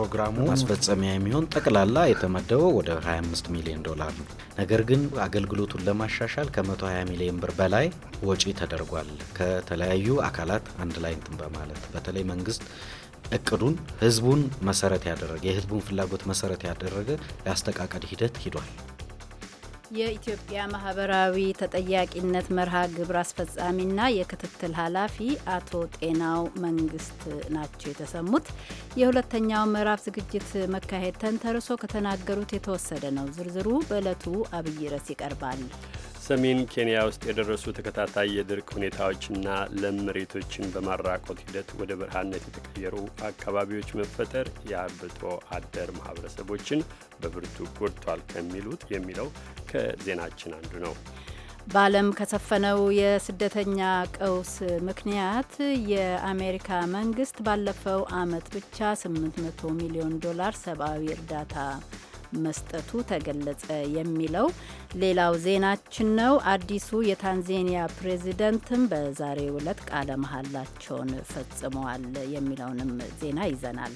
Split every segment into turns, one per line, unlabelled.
ለፕሮግራሙ ማስፈጸሚያ የሚሆን ጠቅላላ የተመደበው ወደ 25 ሚሊዮን ዶላር ነው። ነገር ግን አገልግሎቱን ለማሻሻል ከ120 ሚሊዮን ብር በላይ ወጪ ተደርጓል። ከተለያዩ አካላት አንድ ላይ እንትን በማለት በተለይ መንግስት እቅዱን ህዝቡን መሰረት ያደረገ የህዝቡን ፍላጎት መሰረት ያደረገ የአስተቃቀድ ሂደት ሂዷል።
የኢትዮጵያ ማህበራዊ ተጠያቂነት መርሃ ግብር አስፈጻሚና የክትትል ኃላፊ አቶ ጤናው መንግስት ናቸው የተሰሙት። የሁለተኛው ምዕራፍ ዝግጅት መካሄድ ተንተርሶ ከተናገሩት የተወሰደ ነው። ዝርዝሩ በዕለቱ አብይ ርዕስ ይቀርባል።
ሰሜን ኬንያ ውስጥ የደረሱ ተከታታይ የድርቅ ሁኔታዎችና ለም መሬቶችን በማራቆት ሂደት ወደ ብርሃነት የተቀየሩ አካባቢዎች መፈጠር የአርብቶ አደር ማህበረሰቦችን በብርቱ ጎድቷል ከሚሉት የሚለው ከዜናችን አንዱ ነው።
በዓለም ከሰፈነው የስደተኛ ቀውስ ምክንያት የአሜሪካ መንግስት ባለፈው አመት ብቻ 800 ሚሊዮን ዶላር ሰብአዊ እርዳታ መስጠቱ ተገለጸ የሚለው ሌላው ዜናችን ነው። አዲሱ የታንዜኒያ ፕሬዚደንትም በዛሬው ዕለት ቃለ መሀላቸውን ፈጽመዋል የሚለውንም ዜና ይዘናል።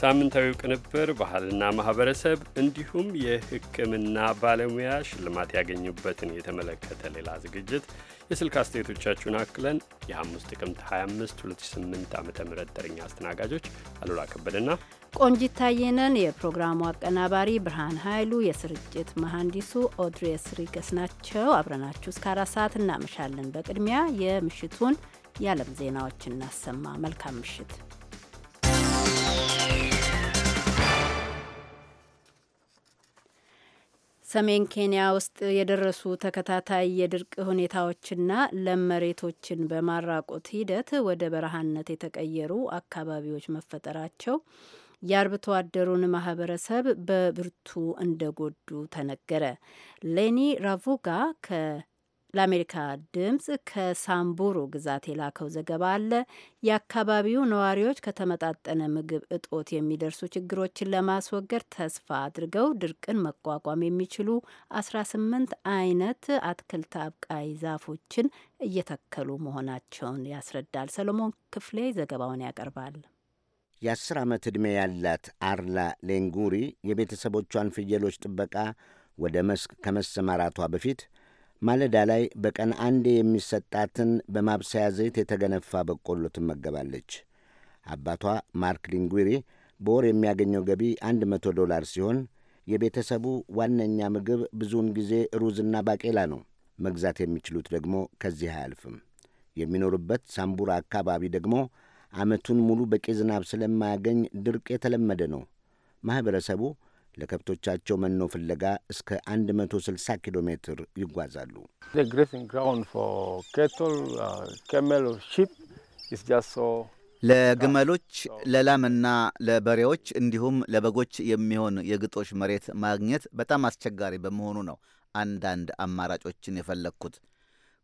ሳምንታዊው ቅንብር ባህልና ማህበረሰብ እንዲሁም የሕክምና ባለሙያ ሽልማት ያገኙበትን የተመለከተ ሌላ ዝግጅት የስልክ አስተያየቶቻችሁን አክለን የሐሙስ ጥቅምት 25 2008 ዓ ም ተረኛ አስተናጋጆች አሉላ ከበደና
ቆንጂት ታየነን፣ የፕሮግራሙ አቀናባሪ ብርሃን ኃይሉ፣ የስርጭት መሐንዲሱ ኦድሬስ ሪገስ ናቸው። አብረናችሁ እስከ አራት ሰዓት እናመሻለን። በቅድሚያ የምሽቱን የዓለም ዜናዎች እናሰማ። መልካም ምሽት። ሰሜን ኬንያ ውስጥ የደረሱ ተከታታይ የድርቅ ሁኔታዎችና ለም መሬቶችን በማራቆት ሂደት ወደ በረሃነት የተቀየሩ አካባቢዎች መፈጠራቸው የአርብቶ አደሩን ማህበረሰብ በብርቱ እንደጎዱ ተነገረ። ሌኒ ራቮጋ ለአሜሪካ ድምፅ ከሳምቡሩ ግዛት የላከው ዘገባ አለ። የአካባቢው ነዋሪዎች ከተመጣጠነ ምግብ እጦት የሚደርሱ ችግሮችን ለማስወገድ ተስፋ አድርገው ድርቅን መቋቋም የሚችሉ 18 አይነት አትክልት አብቃይ ዛፎችን እየተከሉ መሆናቸውን ያስረዳል። ሰሎሞን ክፍሌ ዘገባውን ያቀርባል።
የአስር ዓመት ዕድሜ ያላት አርላ ሌንጉሪ የቤተሰቦቿን ፍየሎች ጥበቃ ወደ መስክ ከመሰማራቷ በፊት ማለዳ ላይ በቀን አንዴ የሚሰጣትን በማብሰያ ዘይት የተገነፋ በቆሎ ትመገባለች። አባቷ ማርክ ሊንጉሪ በወር የሚያገኘው ገቢ 100 ዶላር ሲሆን የቤተሰቡ ዋነኛ ምግብ ብዙውን ጊዜ ሩዝና ባቄላ ነው። መግዛት የሚችሉት ደግሞ ከዚህ አያልፍም። የሚኖሩበት ሳምቡራ አካባቢ ደግሞ ዓመቱን ሙሉ በቂ ዝናብ ስለማያገኝ ድርቅ የተለመደ ነው። ማኅበረሰቡ ለከብቶቻቸው መኖ ፍለጋ እስከ 160 ኪሎ ሜትር ይጓዛሉ። uh, ለግመሎች ለላምና ለበሬዎች እንዲሁም ለበጎች የሚሆን የግጦሽ መሬት ማግኘት በጣም አስቸጋሪ በመሆኑ ነው አንዳንድ አማራጮችን የፈለግኩት።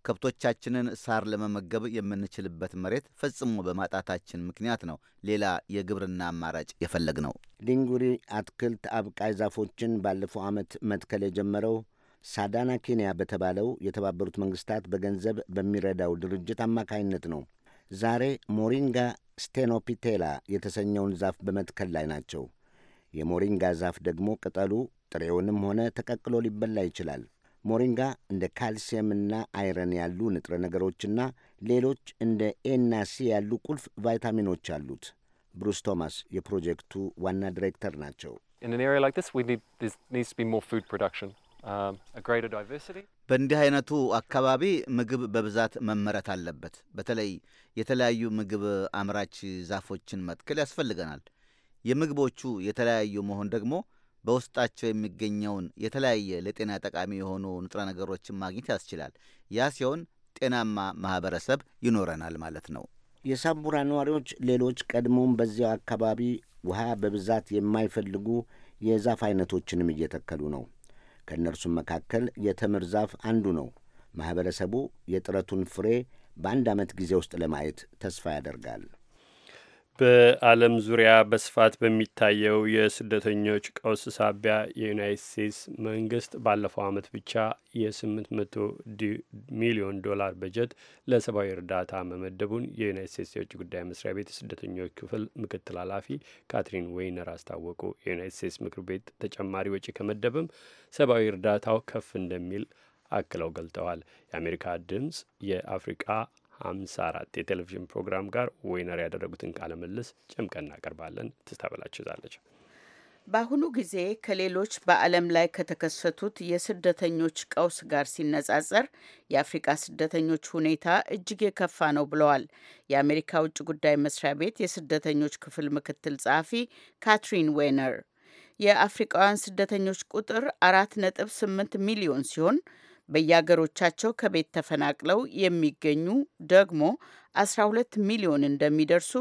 ከብቶቻችንን ሳር ለመመገብ የምንችልበት መሬት ፈጽሞ በማጣታችን ምክንያት ነው ሌላ የግብርና አማራጭ የፈለግ ነው። ሊንጉሪ አትክልት አብቃይ ዛፎችን ባለፈው ዓመት መትከል የጀመረው ሳዳና ኬንያ በተባለው የተባበሩት መንግስታት በገንዘብ በሚረዳው ድርጅት አማካይነት ነው። ዛሬ ሞሪንጋ ስቴኖፒቴላ የተሰኘውን ዛፍ በመትከል ላይ ናቸው። የሞሪንጋ ዛፍ ደግሞ ቅጠሉ ጥሬውንም ሆነ ተቀቅሎ ሊበላ ይችላል። ሞሪንጋ እንደ ካልሲየምና አይረን ያሉ ንጥረ ነገሮችና ሌሎች እንደ ኤና ሲ ያሉ ቁልፍ ቫይታሚኖች አሉት። ብሩስ ቶማስ የፕሮጀክቱ ዋና ዲሬክተር ናቸው። um, በእንዲህ አይነቱ አካባቢ ምግብ በብዛት መመረት አለበት። በተለይ የተለያዩ ምግብ አምራች ዛፎችን መትከል ያስፈልገናል። የምግቦቹ የተለያዩ መሆን ደግሞ በውስጣቸው የሚገኘውን የተለያየ ለጤና ጠቃሚ የሆኑ ንጥረ ነገሮችን ማግኘት ያስችላል። ያ ሲሆን ጤናማ ማህበረሰብ ይኖረናል ማለት ነው። የሳቡራ ነዋሪዎች ሌሎች ቀድሞም በዚያው አካባቢ ውሃ በብዛት የማይፈልጉ የዛፍ አይነቶችንም እየተከሉ ነው። ከእነርሱም መካከል የተምር ዛፍ አንዱ ነው። ማኅበረሰቡ የጥረቱን ፍሬ በአንድ ዓመት ጊዜ ውስጥ ለማየት ተስፋ ያደርጋል።
በዓለም ዙሪያ በስፋት በሚታየው የስደተኞች ቀውስ ሳቢያ የዩናይት ስቴትስ መንግስት ባለፈው ዓመት ብቻ የ800 ሚሊዮን ዶላር በጀት ለሰብአዊ እርዳታ መመደቡን የዩናይት ስቴትስ የውጭ ጉዳይ መስሪያ ቤት የስደተኞች ክፍል ምክትል ኃላፊ ካትሪን ወይነር አስታወቁ። የዩናይት ስቴትስ ምክር ቤት ተጨማሪ ወጪ ከመደበም ሰብአዊ እርዳታው ከፍ እንደሚል አክለው ገልጠዋል። የአሜሪካ ድምጽ የአፍሪቃ ሃምሳ አራት የቴሌቪዥን ፕሮግራም ጋር ወይነር ያደረጉትን ቃለ ምልልስ ጨምቀን እናቀርባለን። ትስታ ይዛለች።
በአሁኑ ጊዜ ከሌሎች በዓለም ላይ ከተከሰቱት የስደተኞች ቀውስ ጋር ሲነጻጸር የአፍሪቃ ስደተኞች ሁኔታ እጅግ የከፋ ነው ብለዋል የአሜሪካ ውጭ ጉዳይ መስሪያ ቤት የስደተኞች ክፍል ምክትል ጸሐፊ ካትሪን ዌነር። የአፍሪቃውያን ስደተኞች ቁጥር አራት ነጥብ ስምንት ሚሊዮን ሲሆን በየአገሮቻቸው ከቤት ተፈናቅለው የሚገኙ ደግሞ 12 ሚሊዮን እንደሚደርሱ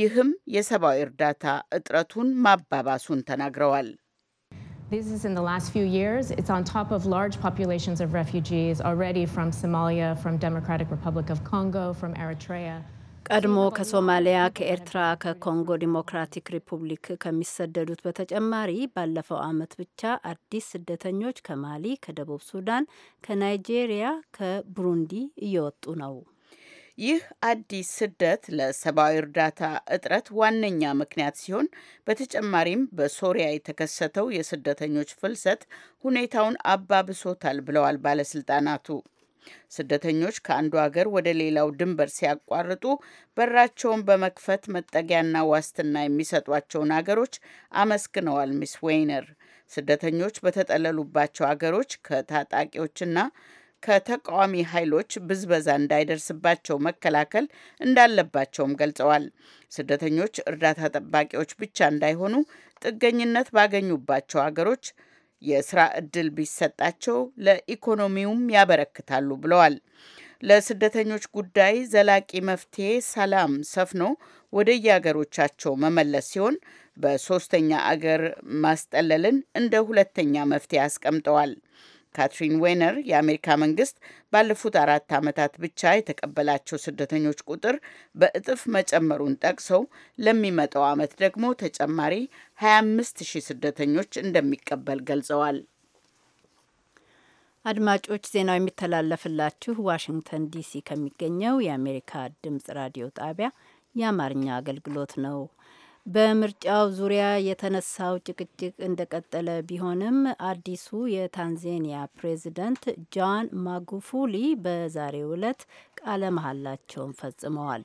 ይህም የሰብአዊ እርዳታ እጥረቱን ማባባሱን ተናግረዋል። This is in the last
few years. It's on top of large populations of refugees already from Somalia, from Democratic Republic of Congo, from Eritrea. ቀድሞ
ከሶማሊያ ከኤርትራ፣ ከኮንጎ ዲሞክራቲክ ሪፑብሊክ ከሚሰደዱት በተጨማሪ ባለፈው ዓመት ብቻ አዲስ ስደተኞች ከማሊ፣ ከደቡብ ሱዳን፣ ከናይጄሪያ፣ ከቡሩንዲ እየወጡ
ነው። ይህ አዲስ ስደት ለሰብአዊ እርዳታ እጥረት ዋነኛ ምክንያት ሲሆን በተጨማሪም በሶሪያ የተከሰተው የስደተኞች ፍልሰት ሁኔታውን አባብሶታል ብለዋል ባለስልጣናቱ። ስደተኞች ከአንዱ ሀገር ወደ ሌላው ድንበር ሲያቋርጡ በራቸውን በመክፈት መጠጊያና ዋስትና የሚሰጧቸውን ሀገሮች አመስግነዋል ሚስ ዌይነር። ስደተኞች በተጠለሉባቸው ሀገሮች ከታጣቂዎችና ከተቃዋሚ ኃይሎች ብዝበዛ እንዳይደርስባቸው መከላከል እንዳለባቸውም ገልጸዋል። ስደተኞች እርዳታ ጠባቂዎች ብቻ እንዳይሆኑ ጥገኝነት ባገኙባቸው ሀገሮች የስራ እድል ቢሰጣቸው ለኢኮኖሚውም ያበረክታሉ ብለዋል። ለስደተኞች ጉዳይ ዘላቂ መፍትሄ ሰላም ሰፍኖ ወደ የአገሮቻቸው መመለስ ሲሆን በሶስተኛ አገር ማስጠለልን እንደ ሁለተኛ መፍትሄ አስቀምጠዋል። ካትሪን ዌነር የአሜሪካ መንግስት ባለፉት አራት ዓመታት ብቻ የተቀበላቸው ስደተኞች ቁጥር በእጥፍ መጨመሩን ጠቅሰው ለሚመጣው ዓመት ደግሞ ተጨማሪ 25 ሺህ ስደተኞች እንደሚቀበል ገልጸዋል።
አድማጮች ዜናው የሚተላለፍላችሁ ዋሽንግተን ዲሲ ከሚገኘው የአሜሪካ ድምጽ ራዲዮ ጣቢያ የአማርኛ አገልግሎት ነው። በምርጫው ዙሪያ የተነሳው ጭቅጭቅ እንደቀጠለ ቢሆንም አዲሱ የታንዜኒያ ፕሬዚደንት ጆን ማጉፉሊ በዛሬው ዕለት ቃለ መሀላቸውን ፈጽመዋል።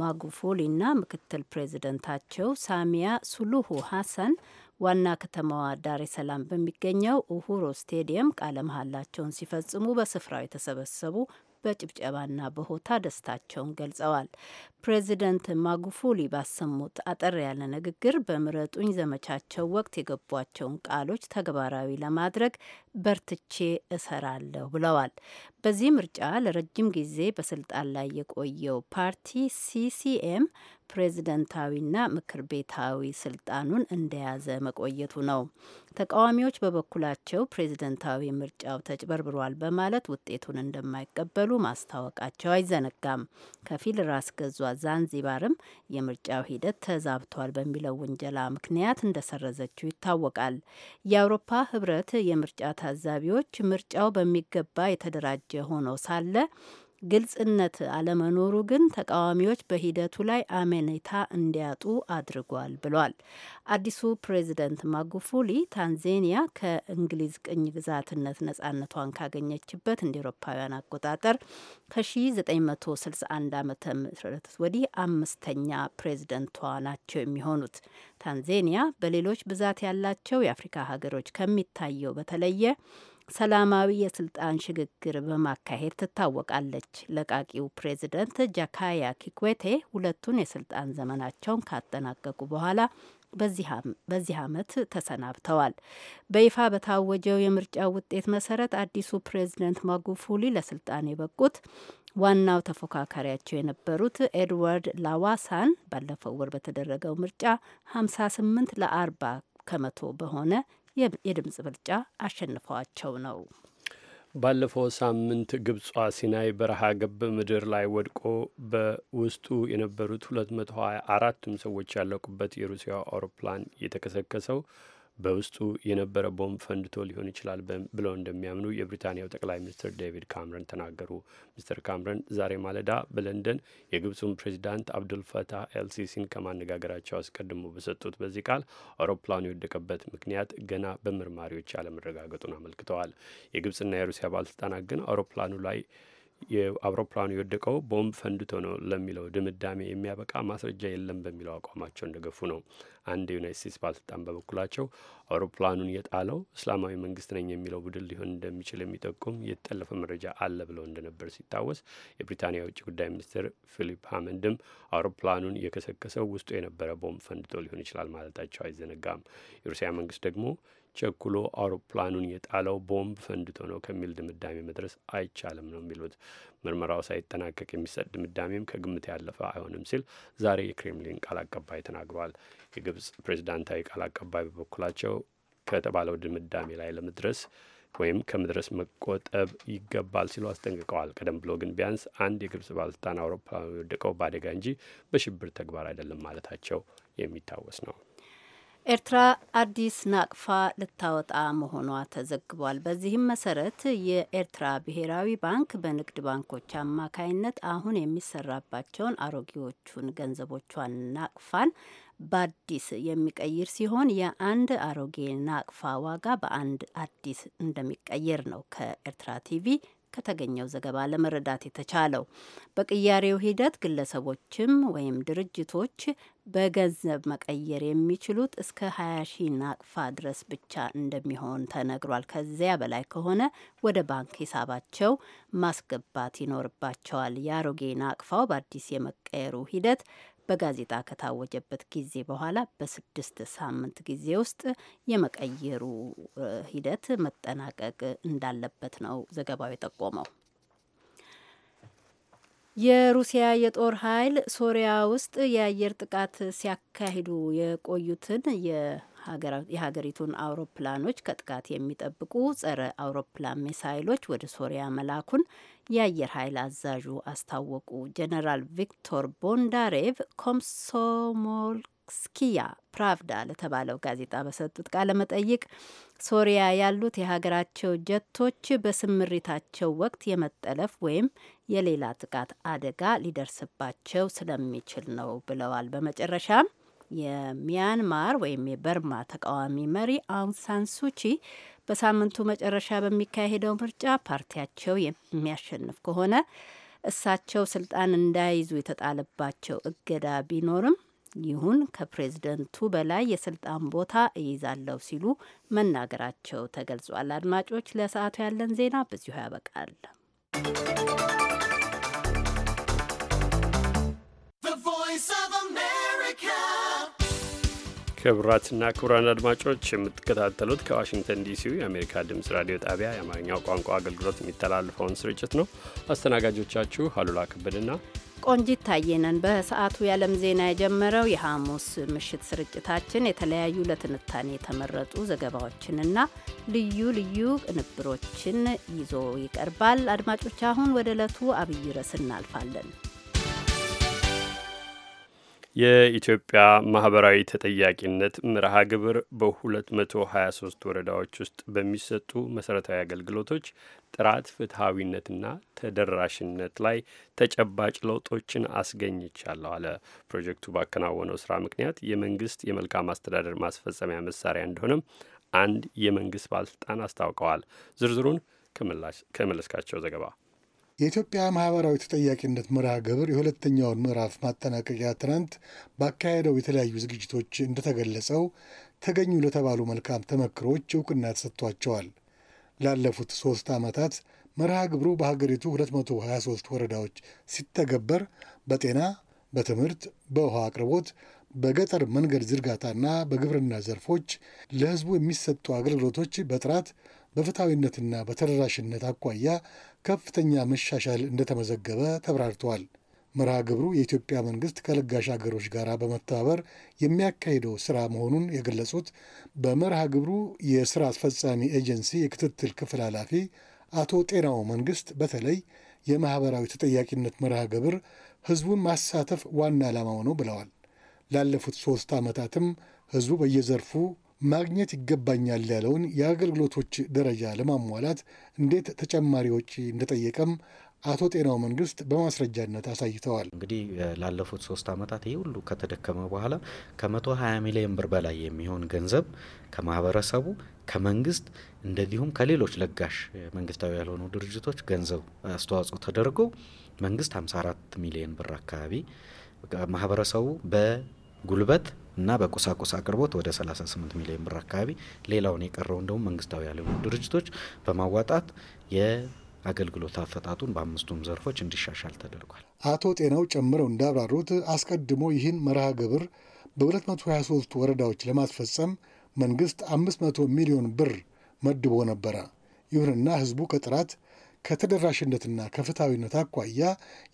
ማጉፉሊና ምክትል ፕሬዚደንታቸው ሳሚያ ሱሉሁ ሀሰን ዋና ከተማዋ ዳሬ ሰላም በሚገኘው ኡሁሮ ስቴዲየም ቃለ መሀላቸውን ሲፈጽሙ በስፍራው የተሰበሰቡ በጭብጨባና በሆታ ደስታቸውን ገልጸዋል። ፕሬዚደንት ማጉፉሊ ባሰሙት አጠር ያለ ንግግር በምረጡኝ ዘመቻቸው ወቅት የገቧቸውን ቃሎች ተግባራዊ ለማድረግ በርትቼ እሰራለሁ ብለዋል። በዚህ ምርጫ ለረጅም ጊዜ በስልጣን ላይ የቆየው ፓርቲ ሲሲኤም ፕሬዝደንታዊና ምክር ቤታዊ ስልጣኑን እንደያዘ መቆየቱ ነው። ተቃዋሚዎች በበኩላቸው ፕሬዝደንታዊ ምርጫው ተጭበርብሯል በማለት ውጤቱን እንደማይቀበሉ ማስታወቃቸው አይዘነጋም። ከፊል ራስ ገዟ ዛንዚባርም የምርጫው ሂደት ተዛብቷል በሚለው ውንጀላ ምክንያት እንደሰረዘችው ይታወቃል። የአውሮፓ ህብረት የምርጫ ታዛቢዎች ምርጫው በሚገባ የተደራጀ ሆኖ ሳለ ግልጽነት አለመኖሩ ግን ተቃዋሚዎች በሂደቱ ላይ አመኔታ እንዲያጡ አድርጓል ብሏል። አዲሱ ፕሬዚደንት ማጉፉሊ ታንዜኒያ ከእንግሊዝ ቅኝ ግዛትነት ነጻነቷን ካገኘችበት እንደ ኤሮፓውያን አቆጣጠር ከ1961 ዓ ም ወዲህ አምስተኛ ፕሬዚደንቷ ናቸው የሚሆኑት። ታንዜኒያ በሌሎች ብዛት ያላቸው የአፍሪካ ሀገሮች ከሚታየው በተለየ ሰላማዊ የስልጣን ሽግግር በማካሄድ ትታወቃለች። ለቃቂው ፕሬዚደንት ጃካያ ኪኩዌቴ ሁለቱን የስልጣን ዘመናቸውን ካጠናቀቁ በኋላ በዚህ ዓመት ተሰናብተዋል። በይፋ በታወጀው የምርጫ ውጤት መሰረት አዲሱ ፕሬዚደንት ማጉፉሊ ለስልጣን የበቁት ዋናው ተፎካካሪያቸው የነበሩት ኤድዋርድ ላዋሳን ባለፈው ወር በተደረገው ምርጫ 58 ለ40 ከመቶ በሆነ የድምፅ ምርጫ አሸንፈዋቸው ነው።
ባለፈው ሳምንት ግብጿ ሲናይ በረሃ ገብ ምድር ላይ ወድቆ በውስጡ የነበሩት ሀያ አራቱም ሰዎች ያለቁበት የሩሲያ አውሮፕላን የተከሰከሰው በውስጡ የነበረ ቦምብ ፈንድቶ ሊሆን ይችላል ብለው እንደሚያምኑ የብሪታንያው ጠቅላይ ሚኒስትር ዴቪድ ካምረን ተናገሩ። ሚስተር ካምረን ዛሬ ማለዳ በለንደን የግብፁን ፕሬዚዳንት አብዱልፈታህ ኤልሲሲን ከማነጋገራቸው አስቀድሞ በሰጡት በዚህ ቃል አውሮፕላኑ የወደቀበት ምክንያት ገና በምርማሪዎች አለመረጋገጡን አመልክተዋል። የግብፅና የሩሲያ ባለስልጣናት ግን አውሮፕላኑ ላይ የአውሮፕላኑ የወደቀው ቦምብ ፈንድቶ ነው ለሚለው ድምዳሜ የሚያበቃ ማስረጃ የለም በሚለው አቋማቸው እንደገፉ ነው። አንድ የዩናይት ስቴትስ ባለስልጣን በበኩላቸው አውሮፕላኑን የጣለው እስላማዊ መንግስት ነኝ የሚለው ቡድን ሊሆን እንደሚችል የሚጠቁም የተጠለፈ መረጃ አለ ብለው እንደነበር ሲታወስ፣ የብሪታንያ የውጭ ጉዳይ ሚኒስትር ፊሊፕ ሀመንድም አውሮፕላኑን የከሰከሰው ውስጡ የነበረ ቦምብ ፈንድቶ ሊሆን ይችላል ማለታቸው አይዘነጋም። የሩሲያ መንግስት ደግሞ ቸኩሎ አውሮፕላኑን የጣለው ቦምብ ፈንድቶ ነው ከሚል ድምዳሜ መድረስ አይቻልም ነው የሚሉት። ምርመራው ሳይጠናቀቅ የሚሰጥ ድምዳሜም ከግምት ያለፈ አይሆንም ሲል ዛሬ የክሬምሊን ቃል አቀባይ ተናግሯል። የግብጽ ፕሬዚዳንታዊ ቃል አቀባይ በበኩላቸው ከተባለው ድምዳሜ ላይ ለመድረስ ወይም ከመድረስ መቆጠብ ይገባል ሲሉ አስጠንቅቀዋል። ቀደም ብሎ ግን ቢያንስ አንድ የግብጽ ባለስልጣን አውሮፕላኑ የወደቀው በአደጋ እንጂ በሽብር ተግባር አይደለም ማለታቸው የሚታወስ ነው።
ኤርትራ አዲስ ናቅፋ ልታወጣ መሆኗ ተዘግቧል። በዚህም መሰረት የኤርትራ ብሔራዊ ባንክ በንግድ ባንኮች አማካይነት አሁን የሚሰራባቸውን አሮጌዎቹን ገንዘቦቿን ናቅፋን በአዲስ የሚቀይር ሲሆን የአንድ አሮጌ ናቅፋ ዋጋ በአንድ አዲስ እንደሚቀየር ነው ከኤርትራ ቲቪ ከተገኘው ዘገባ ለመረዳት የተቻለው። በቅያሬው ሂደት ግለሰቦችም ወይም ድርጅቶች በገንዘብ መቀየር የሚችሉት እስከ 20 ሺ ናቅፋ ድረስ ብቻ እንደሚሆን ተነግሯል። ከዚያ በላይ ከሆነ ወደ ባንክ ሂሳባቸው ማስገባት ይኖርባቸዋል። የአሮጌ ናቅፋው በአዲስ የመቀየሩ ሂደት በጋዜጣ ከታወጀበት ጊዜ በኋላ በስድስት ሳምንት ጊዜ ውስጥ የመቀየሩ ሂደት መጠናቀቅ እንዳለበት ነው ዘገባው የጠቆመው። የሩሲያ የጦር ኃይል ሶሪያ ውስጥ የአየር ጥቃት ሲያካሂዱ የቆዩትን የሀገሪቱን አውሮፕላኖች ከጥቃት የሚጠብቁ ጸረ አውሮፕላን ሚሳይሎች ወደ ሶሪያ መላኩን የአየር ኃይል አዛዡ አስታወቁ። ጀነራል ቪክቶር ቦንዳሬቭ ኮምሶሞል ስኪያ ፕራቭዳ ለተባለው ጋዜጣ በሰጡት ቃለ መጠይቅ ሶሪያ ያሉት የሀገራቸው ጀቶች በስምሪታቸው ወቅት የመጠለፍ ወይም የሌላ ጥቃት አደጋ ሊደርስባቸው ስለሚችል ነው ብለዋል። በመጨረሻም የሚያንማር ወይም የበርማ ተቃዋሚ መሪ አውንሳን ሱቺ በሳምንቱ መጨረሻ በሚካሄደው ምርጫ ፓርቲያቸው የሚያሸንፍ ከሆነ እሳቸው ስልጣን እንዳይዙ የተጣለባቸው እገዳ ቢኖርም ይሁን ከፕሬዝደንቱ በላይ የስልጣን ቦታ እይዛለሁ ሲሉ መናገራቸው ተገልጿል። አድማጮች፣ ለሰዓቱ ያለን ዜና በዚሁ ያበቃል።
ክቡራትና ክቡራን አድማጮች የምትከታተሉት ከዋሽንግተን ዲሲው የአሜሪካ ድምፅ ራዲዮ ጣቢያ የአማርኛው ቋንቋ አገልግሎት የሚተላለፈውን ስርጭት ነው። አስተናጋጆቻችሁ አሉላ ክብድና
ቆንጂት ታየነን። በሰዓቱ የዓለም ዜና የጀመረው የሐሙስ ምሽት ስርጭታችን የተለያዩ ለትንታኔ የተመረጡ ዘገባዎችንና ልዩ ልዩ ቅንብሮችን ይዞ ይቀርባል። አድማጮች አሁን ወደ ዕለቱ አብይ ርዕስ እናልፋለን።
የኢትዮጵያ ማህበራዊ ተጠያቂነት መርሃ ግብር በ223 ወረዳዎች ውስጥ በሚሰጡ መሰረታዊ አገልግሎቶች ጥራት፣ ፍትሐዊነትና ተደራሽነት ላይ ተጨባጭ ለውጦችን አስገኝቻለሁ አለ። ፕሮጀክቱ ባከናወነው ስራ ምክንያት የመንግስት የመልካም አስተዳደር ማስፈጸሚያ መሳሪያ እንደሆነም አንድ የመንግስት ባለስልጣን አስታውቀዋል። ዝርዝሩን ከመለስካቸው ዘገባ
የኢትዮጵያ ማህበራዊ ተጠያቂነት መርሃ ግብር የሁለተኛውን ምዕራፍ ማጠናቀቂያ ትናንት ባካሄደው የተለያዩ ዝግጅቶች እንደተገለጸው ተገኙ ለተባሉ መልካም ተመክሮች እውቅና ተሰጥቷቸዋል። ላለፉት ሦስት ዓመታት መርሃ ግብሩ በሀገሪቱ 223 ወረዳዎች ሲተገበር በጤና፣ በትምህርት፣ በውሃ አቅርቦት፣ በገጠር መንገድ ዝርጋታና በግብርና ዘርፎች ለሕዝቡ የሚሰጡ አገልግሎቶች በጥራት በፍትሐዊነትና በተደራሽነት አኳያ ከፍተኛ መሻሻል እንደተመዘገበ ተብራርተዋል። መርሃ ግብሩ የኢትዮጵያ መንግስት ከለጋሽ አገሮች ጋር በመተባበር የሚያካሂደው ስራ መሆኑን የገለጹት በመርሃ ግብሩ የስራ አስፈጻሚ ኤጀንሲ የክትትል ክፍል ኃላፊ አቶ ጤናው መንግስት በተለይ የማህበራዊ ተጠያቂነት መርሃ ግብር ህዝቡን ማሳተፍ ዋና ዓላማው ነው ብለዋል። ላለፉት ሶስት ዓመታትም ህዝቡ በየዘርፉ ማግኘት ይገባኛል ያለውን የአገልግሎቶች ደረጃ ለማሟላት እንዴት ተጨማሪ ወጪ እንደጠየቀም አቶ ጤናው መንግስት በማስረጃነት አሳይተዋል። እንግዲህ
ላለፉት ሶስት ዓመታት ይህ ሁሉ ከተደከመ በኋላ ከ120 ሚሊዮን ብር በላይ የሚሆን ገንዘብ ከማህበረሰቡ ከመንግስት እንደዚሁም ከሌሎች ለጋሽ መንግስታዊ ያልሆኑ ድርጅቶች ገንዘብ አስተዋጽኦ ተደርጎ መንግስት 54 ሚሊዮን ብር አካባቢ ማህበረሰቡ በ ጉልበት እና በቁሳቁስ አቅርቦት ወደ 38 ሚሊዮን ብር አካባቢ፣ ሌላውን የቀረው እንደውም መንግስታዊ ያልሆኑ ድርጅቶች በማዋጣት የአገልግሎት አፈጣጡን በአምስቱም ዘርፎች እንዲሻሻል ተደርጓል።
አቶ ጤናው ጨምረው እንዳብራሩት አስቀድሞ ይህን መርሃ ግብር በ223 ወረዳዎች ለማስፈጸም መንግስት 500 ሚሊዮን ብር መድቦ ነበረ። ይሁንና ህዝቡ ከጥራት ከተደራሽነትና ከፍትሐዊነት አኳያ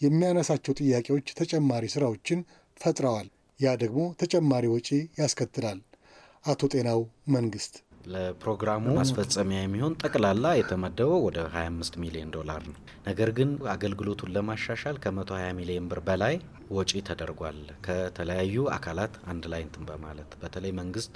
የሚያነሳቸው ጥያቄዎች ተጨማሪ ስራዎችን ፈጥረዋል ያ ደግሞ ተጨማሪ ወጪ ያስከትላል። አቶ ጤናው መንግስት
ለፕሮግራሙ ማስፈጸሚያ የሚሆን ጠቅላላ የተመደበው ወደ 25 ሚሊዮን ዶላር ነው። ነገር ግን አገልግሎቱን ለማሻሻል ከ120 ሚሊዮን ብር በላይ ወጪ ተደርጓል። ከተለያዩ አካላት አንድ ላይ እንትን በማለት በተለይ መንግስት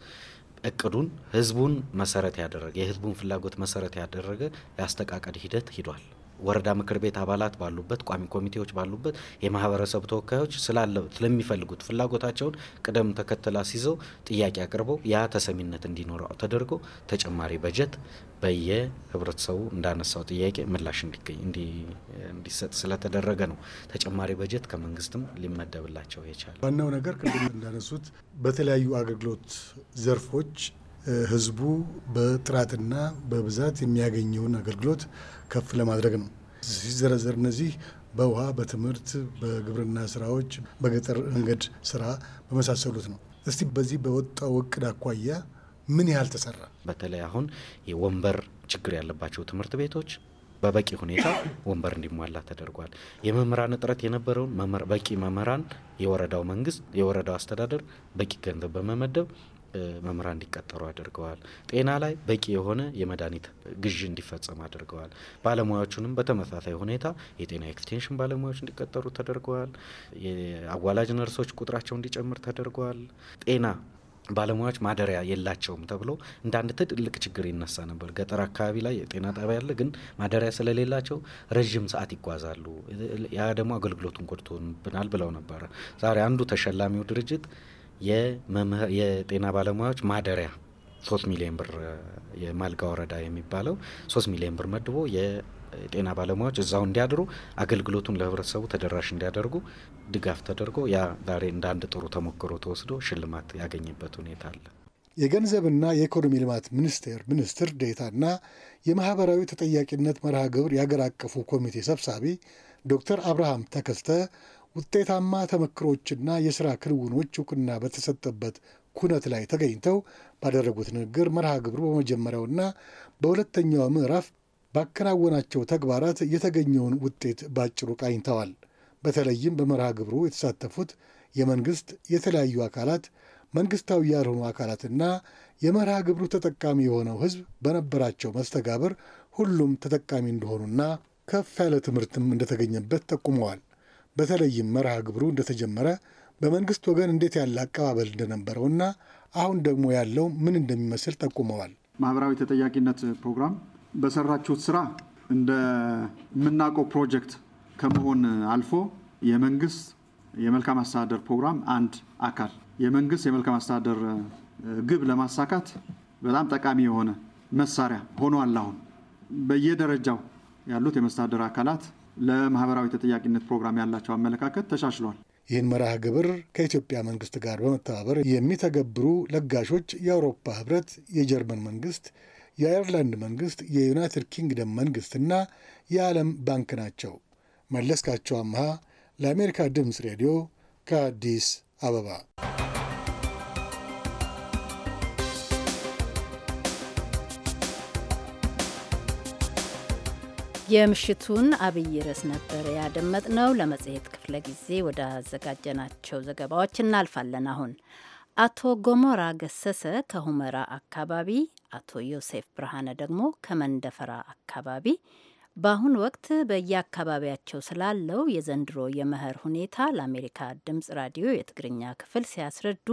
እቅዱን ህዝቡን መሰረት ያደረገ የህዝቡን ፍላጎት መሰረት ያደረገ የአስተቃቀድ ሂደት ሂዷል። ወረዳ ምክር ቤት አባላት ባሉበት፣ ቋሚ ኮሚቴዎች ባሉበት የማህበረሰብ ተወካዮች ስላለ ስለሚፈልጉት ፍላጎታቸውን ቅደም ተከተል አስይዘው ጥያቄ አቅርበው ያ ተሰሚነት እንዲኖረው ተደርጎ ተጨማሪ በጀት በየህብረተሰቡ እንዳነሳው ጥያቄ ምላሽ እንዲሰጥ ስለተደረገ ነው። ተጨማሪ በጀት ከመንግስትም ሊመደብላቸው የቻለ
ዋናው ነገር ቅድም እንዳነሱት በተለያዩ አገልግሎት ዘርፎች ህዝቡ በጥራትና በብዛት የሚያገኘውን አገልግሎት ከፍ ለማድረግ ነው። ሲዘረዘር እነዚህ በውሃ፣ በትምህርት፣ በግብርና ስራዎች፣ በገጠር መንገድ ስራ በመሳሰሉት ነው። እስቲ በዚህ በወጣው እቅድ አኳያ ምን ያህል ተሰራ?
በተለይ አሁን የወንበር ችግር ያለባቸው ትምህርት ቤቶች በበቂ ሁኔታ ወንበር እንዲሟላ ተደርጓል። የመምህራን እጥረት የነበረውን በቂ መምህራን የወረዳው መንግስት የወረዳው አስተዳደር በቂ ገንዘብ በመመደብ መምህራን እንዲቀጠሩ አድርገዋል። ጤና ላይ በቂ የሆነ የመድኃኒት ግዥ እንዲፈጸም አድርገዋል። ባለሙያዎቹንም በተመሳሳይ ሁኔታ የጤና ኤክስቴንሽን ባለሙያዎች እንዲቀጠሩ ተደርገዋል። የአዋላጅ ነርሶች ቁጥራቸው እንዲጨምር ተደርገዋል። ጤና ባለሙያዎች ማደሪያ የላቸውም ተብሎ እንደ አንድ ትልቅ ችግር ይነሳ ነበር። ገጠር አካባቢ ላይ የጤና ጣቢያ ያለ ግን ማደሪያ ስለሌላቸው ረዥም ሰዓት ይጓዛሉ። ያ ደግሞ አገልግሎቱን ጎድቶብናል ብለው ነበረ። ዛሬ አንዱ ተሸላሚው ድርጅት የጤና ባለሙያዎች ማደሪያ ሶስት ሚሊዮን ብር የማልጋ ወረዳ የሚባለው ሶስት ሚሊዮን ብር መድቦ የጤና ባለሙያዎች እዛው እንዲያድሩ አገልግሎቱን ለህብረተሰቡ ተደራሽ እንዲያደርጉ ድጋፍ ተደርጎ ያ ዛሬ እንደ አንድ ጥሩ ተሞክሮ ተወስዶ ሽልማት ያገኝበት ሁኔታ አለ።
የገንዘብና የኢኮኖሚ ልማት ሚኒስቴር ሚኒስትር ዴኤታና የማህበራዊ ተጠያቂነት መርሃ ግብር ያገር አቀፉ ኮሚቴ ሰብሳቢ ዶክተር አብርሃም ተከስተ ውጤታማ ተመክሮችና የስራ ክንውኖች እውቅና በተሰጠበት ኩነት ላይ ተገኝተው ባደረጉት ንግግር መርሃ ግብሩ በመጀመሪያውና በሁለተኛው ምዕራፍ ባከናወናቸው ተግባራት የተገኘውን ውጤት ባጭሩ ቃኝተዋል። በተለይም በመርሃ ግብሩ የተሳተፉት የመንግስት የተለያዩ አካላት፣ መንግስታዊ ያልሆኑ አካላትና የመርሃ ግብሩ ተጠቃሚ የሆነው ህዝብ በነበራቸው መስተጋብር ሁሉም ተጠቃሚ እንደሆኑና ከፍ ያለ ትምህርትም እንደተገኘበት ጠቁመዋል። በተለይም መርሃ ግብሩ እንደተጀመረ በመንግስት ወገን እንዴት ያለ አቀባበል እንደነበረውና አሁን ደግሞ ያለው ምን እንደሚመስል ጠቁመዋል።
ማህበራዊ ተጠያቂነት ፕሮግራም በሰራችሁት ስራ እንደምናውቀው ፕሮጀክት ከመሆን አልፎ የመንግስት የመልካም አስተዳደር ፕሮግራም አንድ አካል የመንግስት የመልካም አስተዳደር ግብ ለማሳካት በጣም ጠቃሚ የሆነ መሳሪያ ሆኗል። አሁን በየደረጃው ያሉት የመስተዳደር አካላት ለማህበራዊ ተጠያቂነት ፕሮግራም ያላቸው አመለካከት ተሻሽሏል።
ይህን መርሃ ግብር ከኢትዮጵያ መንግስት ጋር በመተባበር የሚተገብሩ ለጋሾች የአውሮፓ ህብረት፣ የጀርመን መንግስት፣ የአየርላንድ መንግስት፣ የዩናይትድ ኪንግደም መንግስትና የዓለም ባንክ ናቸው። መለስካቸው አምሃ ለአሜሪካ ድምፅ ሬዲዮ ከአዲስ አበባ
የምሽቱን አብይ ርዕስ ነበር ያደመጥነው። ለመጽሔት ክፍለ ጊዜ ወዳዘጋጀናቸው ዘገባዎች እናልፋለን። አሁን አቶ ጎሞራ ገሰሰ ከሁመራ አካባቢ፣ አቶ ዮሴፍ ብርሃነ ደግሞ ከመንደፈራ አካባቢ በአሁን ወቅት በየአካባቢያቸው ስላለው የዘንድሮ የመኸር ሁኔታ ለአሜሪካ ድምጽ ራዲዮ የትግርኛ ክፍል ሲያስረዱ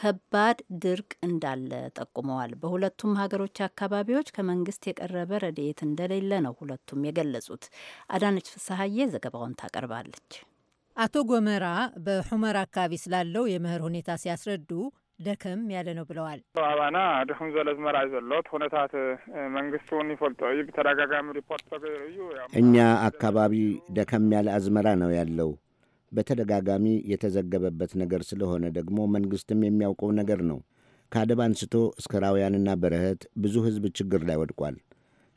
ከባድ ድርቅ እንዳለ ጠቁመዋል። በሁለቱም ሀገሮች አካባቢዎች ከመንግስት የቀረበ ረድኤት እንደሌለ ነው ሁለቱም የገለጹት። አዳነች ፍስሀዬ ዘገባውን ታቀርባለች።
አቶ ጎመራ በሑመራ አካባቢ ስላለው የመኸር ሁኔታ ሲያስረዱ ደከም
ያለ ነው ብለዋል። አባና ድኹም ዘሎ ዝመርኣይ ዘሎት ሁነታት መንግስት እውን ይፈልጦ እዩ ብተደጋጋሚ ሪፖርት ተገይሩ
እዩ እኛ አካባቢ ደከም ያለ አዝመራ ነው ያለው በተደጋጋሚ የተዘገበበት ነገር ስለሆነ ደግሞ መንግሥትም የሚያውቀው ነገር ነው። ከአደብ አንስቶ እስከ ራውያንና በረኸት ብዙ ሕዝብ ችግር ላይ ወድቋል።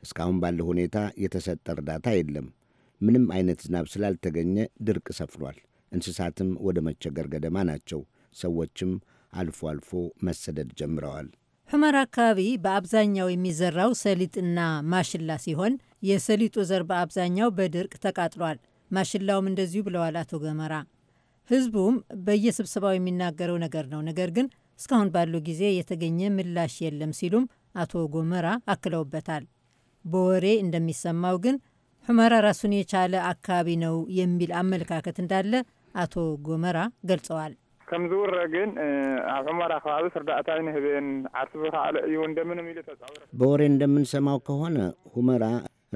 እስካሁን ባለው ሁኔታ የተሰጠ እርዳታ የለም። ምንም አይነት ዝናብ ስላልተገኘ ድርቅ ሰፍኗል። እንስሳትም ወደ መቸገር ገደማ ናቸው። ሰዎችም አልፎ አልፎ መሰደድ ጀምረዋል።
ሑመር አካባቢ በአብዛኛው የሚዘራው ሰሊጥና ማሽላ ሲሆን የሰሊጡ ዘር በአብዛኛው በድርቅ ተቃጥሏል። ማሽላውም እንደዚሁ ብለዋል አቶ ገመራ። ህዝቡም በየስብሰባው የሚናገረው ነገር ነው፣ ነገር ግን እስካሁን ባለው ጊዜ የተገኘ ምላሽ የለም ሲሉም አቶ ጎመራ አክለውበታል። በወሬ እንደሚሰማው ግን ሁመራ ራሱን የቻለ አካባቢ ነው የሚል አመለካከት እንዳለ አቶ ጎመራ ገልጸዋል።
ከም ዝውረ ግን ኣብ ሑመራ ከባቢ ስርዳእታይ ንህብን ዓርሱ ዝከኣለ እዩ እንደምንም ኢሉ ተፃውረ
በወሬ እንደምንሰማው ከሆነ ሁመራ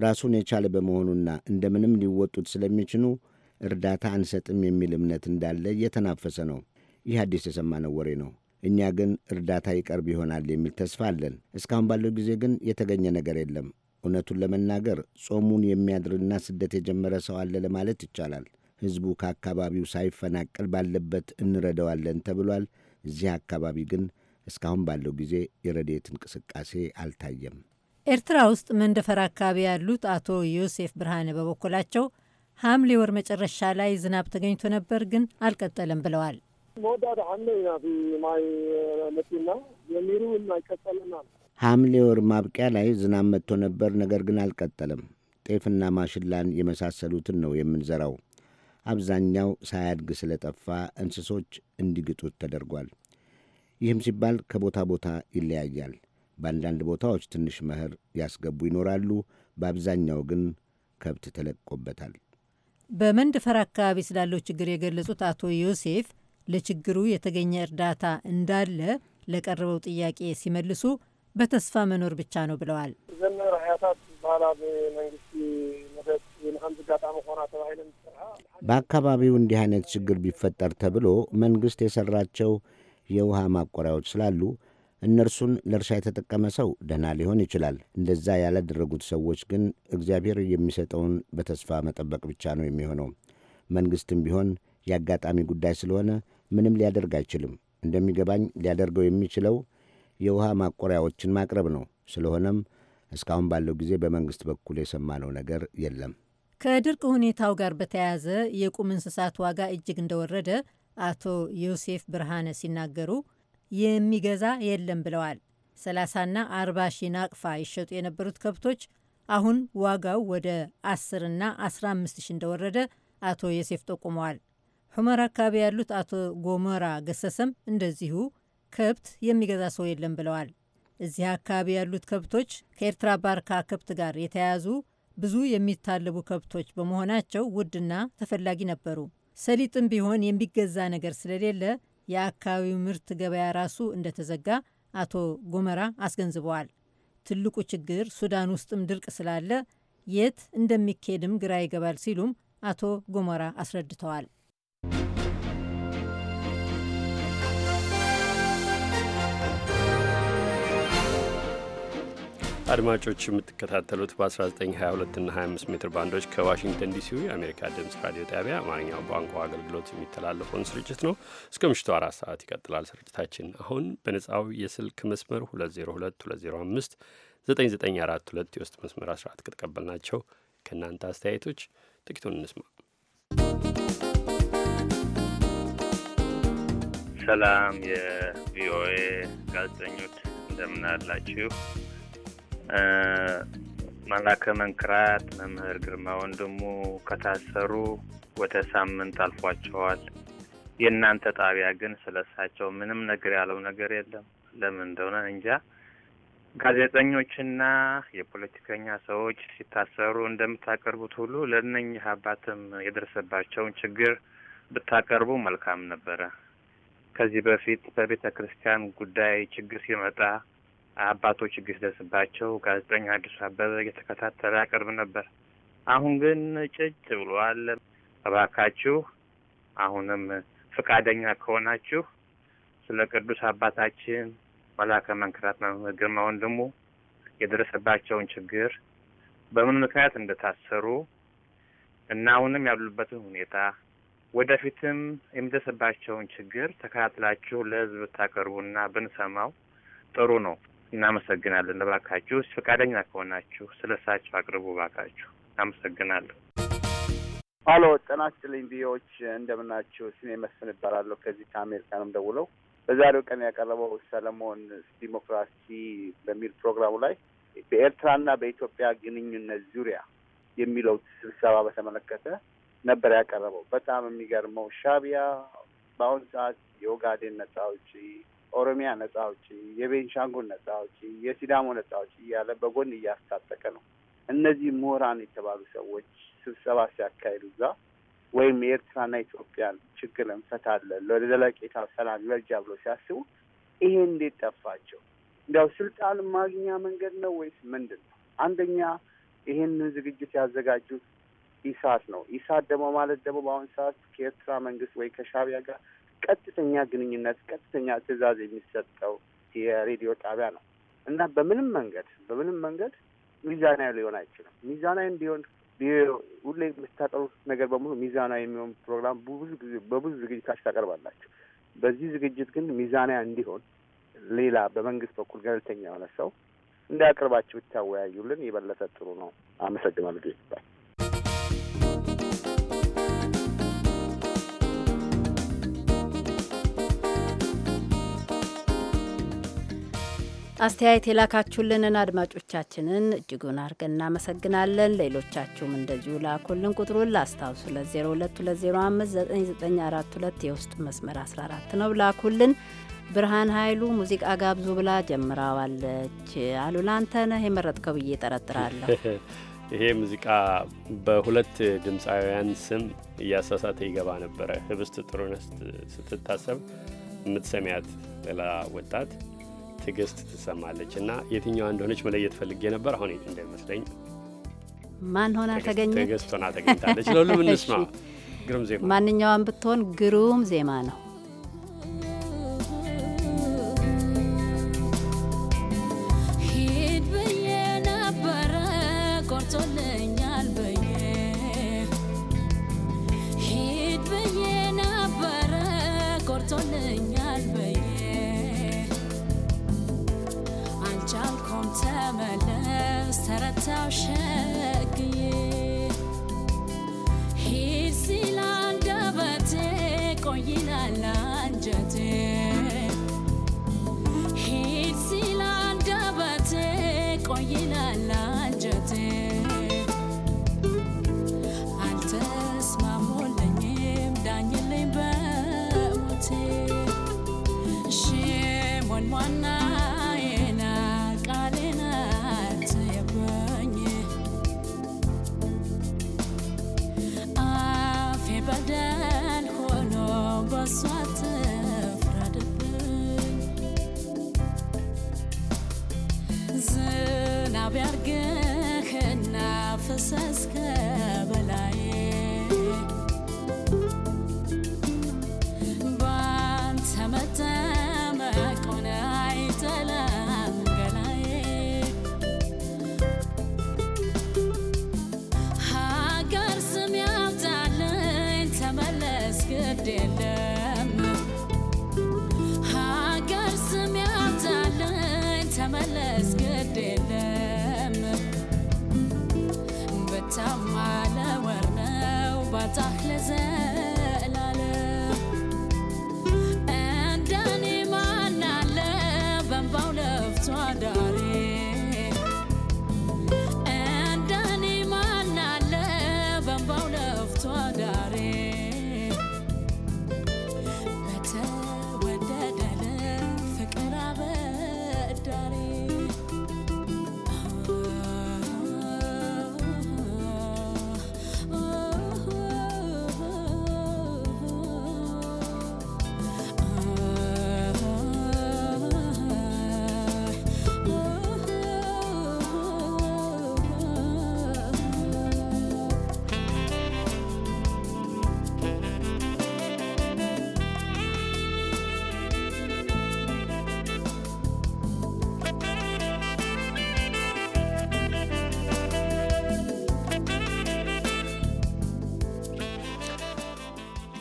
ራሱን የቻለ በመሆኑና እንደምንም ሊወጡት ስለሚችሉ እርዳታ አንሰጥም የሚል እምነት እንዳለ እየተናፈሰ ነው። ይህ አዲስ የሰማነው ወሬ ነው። እኛ ግን እርዳታ ይቀርብ ይሆናል የሚል ተስፋ አለን። እስካሁን ባለው ጊዜ ግን የተገኘ ነገር የለም። እውነቱን ለመናገር ጾሙን የሚያድርና ስደት የጀመረ ሰው አለ ለማለት ይቻላል። ሕዝቡ ከአካባቢው ሳይፈናቀል ባለበት እንረዳዋለን ተብሏል። እዚህ አካባቢ ግን እስካሁን ባለው ጊዜ የረድኤት እንቅስቃሴ አልታየም።
ኤርትራ ውስጥ መንደፈር አካባቢ ያሉት አቶ ዮሴፍ ብርሃነ በበኩላቸው ሐምሌ ወር መጨረሻ ላይ ዝናብ ተገኝቶ ነበር፣ ግን አልቀጠለም ብለዋል።
ሐምሌ ወር ማብቂያ ላይ ዝናብ መጥቶ ነበር፣ ነገር ግን አልቀጠለም። ጤፍና ማሽላን የመሳሰሉትን ነው የምንዘራው። አብዛኛው ሳያድግ ስለጠፋ እንስሶች እንዲግጡት ተደርጓል። ይህም ሲባል ከቦታ ቦታ ይለያያል። በአንዳንድ ቦታዎች ትንሽ መኸር ያስገቡ ይኖራሉ። በአብዛኛው ግን ከብት ተለቆበታል።
በመንደፈር አካባቢ ስላለው ችግር የገለጹት አቶ ዮሴፍ ለችግሩ የተገኘ እርዳታ እንዳለ ለቀረበው ጥያቄ ሲመልሱ በተስፋ መኖር ብቻ ነው ብለዋል።
በአካባቢው እንዲህ አይነት ችግር ቢፈጠር ተብሎ መንግስት የሰራቸው የውሃ ማቆሪያዎች ስላሉ እነርሱን ለእርሻ የተጠቀመ ሰው ደህና ሊሆን ይችላል። እንደዛ ያላደረጉት ሰዎች ግን እግዚአብሔር የሚሰጠውን በተስፋ መጠበቅ ብቻ ነው የሚሆነው። መንግሥትም ቢሆን የአጋጣሚ ጉዳይ ስለሆነ ምንም ሊያደርግ አይችልም። እንደሚገባኝ ሊያደርገው የሚችለው የውሃ ማቆሪያዎችን ማቅረብ ነው። ስለሆነም እስካሁን ባለው ጊዜ በመንግሥት በኩል የሰማነው ነገር የለም።
ከድርቅ ሁኔታው ጋር በተያያዘ የቁም እንስሳት ዋጋ እጅግ እንደወረደ አቶ ዮሴፍ ብርሃነ ሲናገሩ የሚገዛ የለም ብለዋል። 30ና 40 ሺ ናቅፋ ይሸጡ የነበሩት ከብቶች አሁን ዋጋው ወደ 10ና 15 ሺ እንደወረደ አቶ የሴፍ ጠቁመዋል። ሑመር አካባቢ ያሉት አቶ ጎመራ ገሰሰም እንደዚሁ ከብት የሚገዛ ሰው የለም ብለዋል። እዚህ አካባቢ ያሉት ከብቶች ከኤርትራ ባርካ ከብት ጋር የተያያዙ ብዙ የሚታለቡ ከብቶች በመሆናቸው ውድና ተፈላጊ ነበሩ። ሰሊጥም ቢሆን የሚገዛ ነገር ስለሌለ የአካባቢው ምርት ገበያ ራሱ እንደተዘጋ አቶ ጎመራ አስገንዝበዋል። ትልቁ ችግር ሱዳን ውስጥም ድርቅ ስላለ የት እንደሚካሄድም ግራ ይገባል ሲሉም አቶ ጎመራ አስረድተዋል።
አድማጮች የምትከታተሉት በ1922 እና 25 ሜትር ባንዶች ከዋሽንግተን ዲሲው የአሜሪካ ድምፅ ራዲዮ ጣቢያ አማርኛው ቋንቋ አገልግሎት የሚተላለፈውን ስርጭት ነው። እስከ ምሽቱ አራት ሰዓት ይቀጥላል ስርጭታችን። አሁን በነጻው የስልክ መስመር 2022059942 የውስጥ መስመር 14 ከተቀበልናቸው ከእናንተ አስተያየቶች ጥቂቱን እንስማ።
ሰላም የቪኦኤ ጋዜጠኞች እንደምን አላችሁ? መላከ መንክራት መምህር ግርማ ወንድሙ ከታሰሩ ወደ ሳምንት አልፏቸዋል። የእናንተ ጣቢያ ግን ስለ እሳቸው ምንም ነገር ያለው ነገር የለም። ለምን እንደሆነ እንጃ። ጋዜጠኞችና የፖለቲከኛ ሰዎች ሲታሰሩ እንደምታቀርቡት ሁሉ ለእነኝህ አባትም የደረሰባቸውን ችግር ብታቀርቡ መልካም ነበረ። ከዚህ በፊት በቤተ ክርስቲያን ጉዳይ ችግር ሲመጣ አባቶች ችግር ሲደርስባቸው ጋዜጠኛ አዲሱ አበበ እየተከታተለ ያቀርብ ነበር። አሁን ግን ጭጭ ብሏል። እባካችሁ አሁንም ፈቃደኛ ከሆናችሁ ስለ ቅዱስ አባታችን መላከ መንክራት መምህር ግርማ ወንድሙ የደረሰባቸውን ችግር በምን ምክንያት እንደታሰሩ እና አሁንም ያሉበትን ሁኔታ ወደፊትም የሚደርስባቸውን ችግር ተከታትላችሁ ለሕዝብ ብታቀርቡና ብንሰማው ጥሩ ነው። እናመሰግናለን። እባካችሁ ፈቃደኛ ከሆናችሁ ስለ እሳቸው አቅርቡ። እባካችሁ እናመሰግናለሁ።
አሎ ጤና ይስጥልኝ ቪዎች እንደምናችሁ። ስሜ መስፍን እባላለሁ። ከዚህ ከአሜሪካ ነው የምደውለው። በዛሬው ቀን ያቀረበው ሰለሞን ዲሞክራሲ በሚል ፕሮግራሙ ላይ በኤርትራና በኢትዮጵያ ግንኙነት ዙሪያ የሚለው ስብሰባ በተመለከተ ነበር ያቀረበው። በጣም የሚገርመው ሻቢያ በአሁኑ ሰዓት የኦጋዴን ነጻ አውጪ የኦሮሚያ ነጻ አውጪ፣ የቤንሻንጉል ነጻ አውጪ፣ የሲዳሞ ነጻ አውጪ እያለ በጎን እያስታጠቀ ነው። እነዚህ ምሁራን የተባሉ ሰዎች ስብሰባ ሲያካሂዱ እዛ ወይም የኤርትራና ኢትዮጵያን ችግር እንፈታለን ለወደ ሰላም ይበጃ ብሎ ሲያስቡ ይሄ እንዴት ጠፋቸው? እንዲያው ስልጣን ማግኛ መንገድ ነው ወይስ ምንድን ነው? አንደኛ ይሄንን ዝግጅት ያዘጋጁት ኢሳት ነው። ኢሳት ደግሞ ማለት ደግሞ በአሁኑ ሰዓት ከኤርትራ መንግስት ወይ ከሻቢያ ጋር ቀጥተኛ ግንኙነት ቀጥተኛ ትዕዛዝ የሚሰጠው የሬዲዮ ጣቢያ ነው እና በምንም መንገድ በምንም መንገድ ሚዛናዊ ሊሆን አይችልም። ሚዛናዊ እንዲሆን ሁሌ የምታጠሩት ነገር በሙሉ ሚዛናዊ የሚሆን ፕሮግራም ብዙ ጊዜ በብዙ ዝግጅታች ታቀርባላችሁ። በዚህ ዝግጅት ግን ሚዛናዊ እንዲሆን ሌላ በመንግስት በኩል ገለልተኛ የሆነ ሰው እንዳያቀርባችሁ ብታወያዩልን የበለጠ ጥሩ ነው። አመሰግናለሁ።
አስተያየት የላካችሁልንን አድማጮቻችንን እጅጉን አድርገን እናመሰግናለን። ሌሎቻችሁም እንደዚሁ ላኩልን። ቁጥሩን ላስታውሱ፣ የውስጥ መስመር 14 ነው። ላኩልን። ብርሃን ኃይሉ ሙዚቃ ጋብዙ ብላ ጀምራዋለች። አሉላ አንተ ነህ የመረጥከው ብዬ እጠረጥራለሁ።
ይሄ ሙዚቃ በሁለት ድምፃውያን ስም እያሳሳተ ይገባ ነበረ። ህብስት ጥሩነህ ስትታሰብ የምትሰሚያት ሌላ ወጣት ትዕግስት ትሰማለች እና የትኛዋ እንደሆነች መለየት ፈልጌ ነበር። አሁን እንዳይመስለኝ
ማን ሆና ተገኘ? ትዕግስት ሆና ተገኝታለች። ለሁሉም እንስማ። ግሩም ዜማ፣ ማንኛውም ብትሆን ግሩም ዜማ ነው።
Hold on, ጃልኮም ተመለስ ተረታው ሸግዬ ሂድ ሲል አንደበቴ ቆይላል አንጀቴ cosas que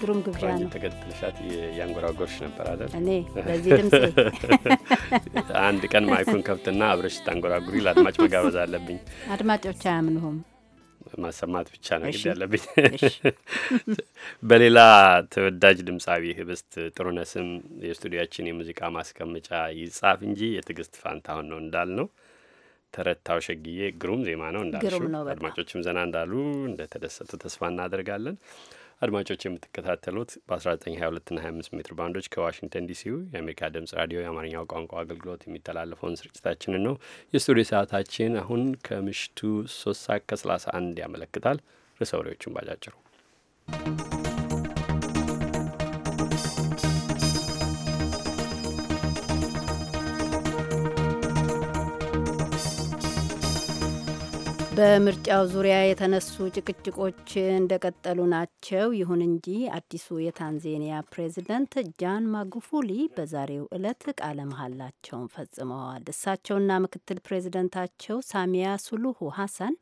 ግሩም ግብዣ ነው።
ተገጥልሻት ያንጎራጎርሽ ነበር አለ እኔ በዚህ ድምጽ አንድ ቀን ማይኩን ከብትና አብረሽ ታንጎራጉሪ ለአድማጭ መጋበዝ አለብኝ።
አድማጮች አያምንሁም።
ማሰማት ብቻ ነው ግድ ያለብኝ። በሌላ ተወዳጅ ድምፃዊ ህብስት ጥሩነህ ስም የስቱዲያችን የሙዚቃ ማስቀመጫ ይጻፍ እንጂ የትዕግስት ፋንታሁን ነው እንዳል ነው ተረታው ሸግዬ ግሩም ዜማ ነው እንዳልሹ አድማጮችም ዘና እንዳሉ እንደተደሰቱ ተስፋ እናደርጋለን። አድማጮች የምትከታተሉት በ1922ና 25 ሜትር ባንዶች ከዋሽንግተን ዲሲው የአሜሪካ ድምጽ ራዲዮ የአማርኛው ቋንቋ አገልግሎት የሚተላለፈውን ስርጭታችንን ነው። የስቱዲዮ ሰዓታችን አሁን ከምሽቱ 3 ሰዓት ከ31 ያመለክታል። ርዕሰ ወሬዎቹን ባጫጭሩ
በምርጫው ዙሪያ የተነሱ ጭቅጭቆች እንደቀጠሉ ናቸው። ይሁን እንጂ አዲሱ የታንዜኒያ ፕሬዚደንት ጃን ማጉፉሊ በዛሬው ዕለት ቃለ መሐላቸውን ፈጽመዋል። እሳቸውና ምክትል ፕሬዚደንታቸው ሳሚያ ሱሉሁ ሀሰን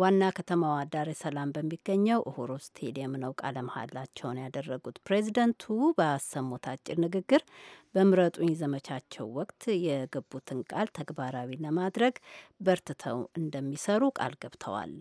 ዋና ከተማዋ ዳሬ ሰላም በሚገኘው ኦሆሮ ስቴዲየም ነው ቃለ መሀላቸውን ያደረጉት። ፕሬዚደንቱ ባሰሙት አጭር ንግግር በምረጡኝ ዘመቻቸው ወቅት የገቡትን ቃል ተግባራዊ ለማድረግ በርትተው እንደሚሰሩ ቃል ገብተዋል።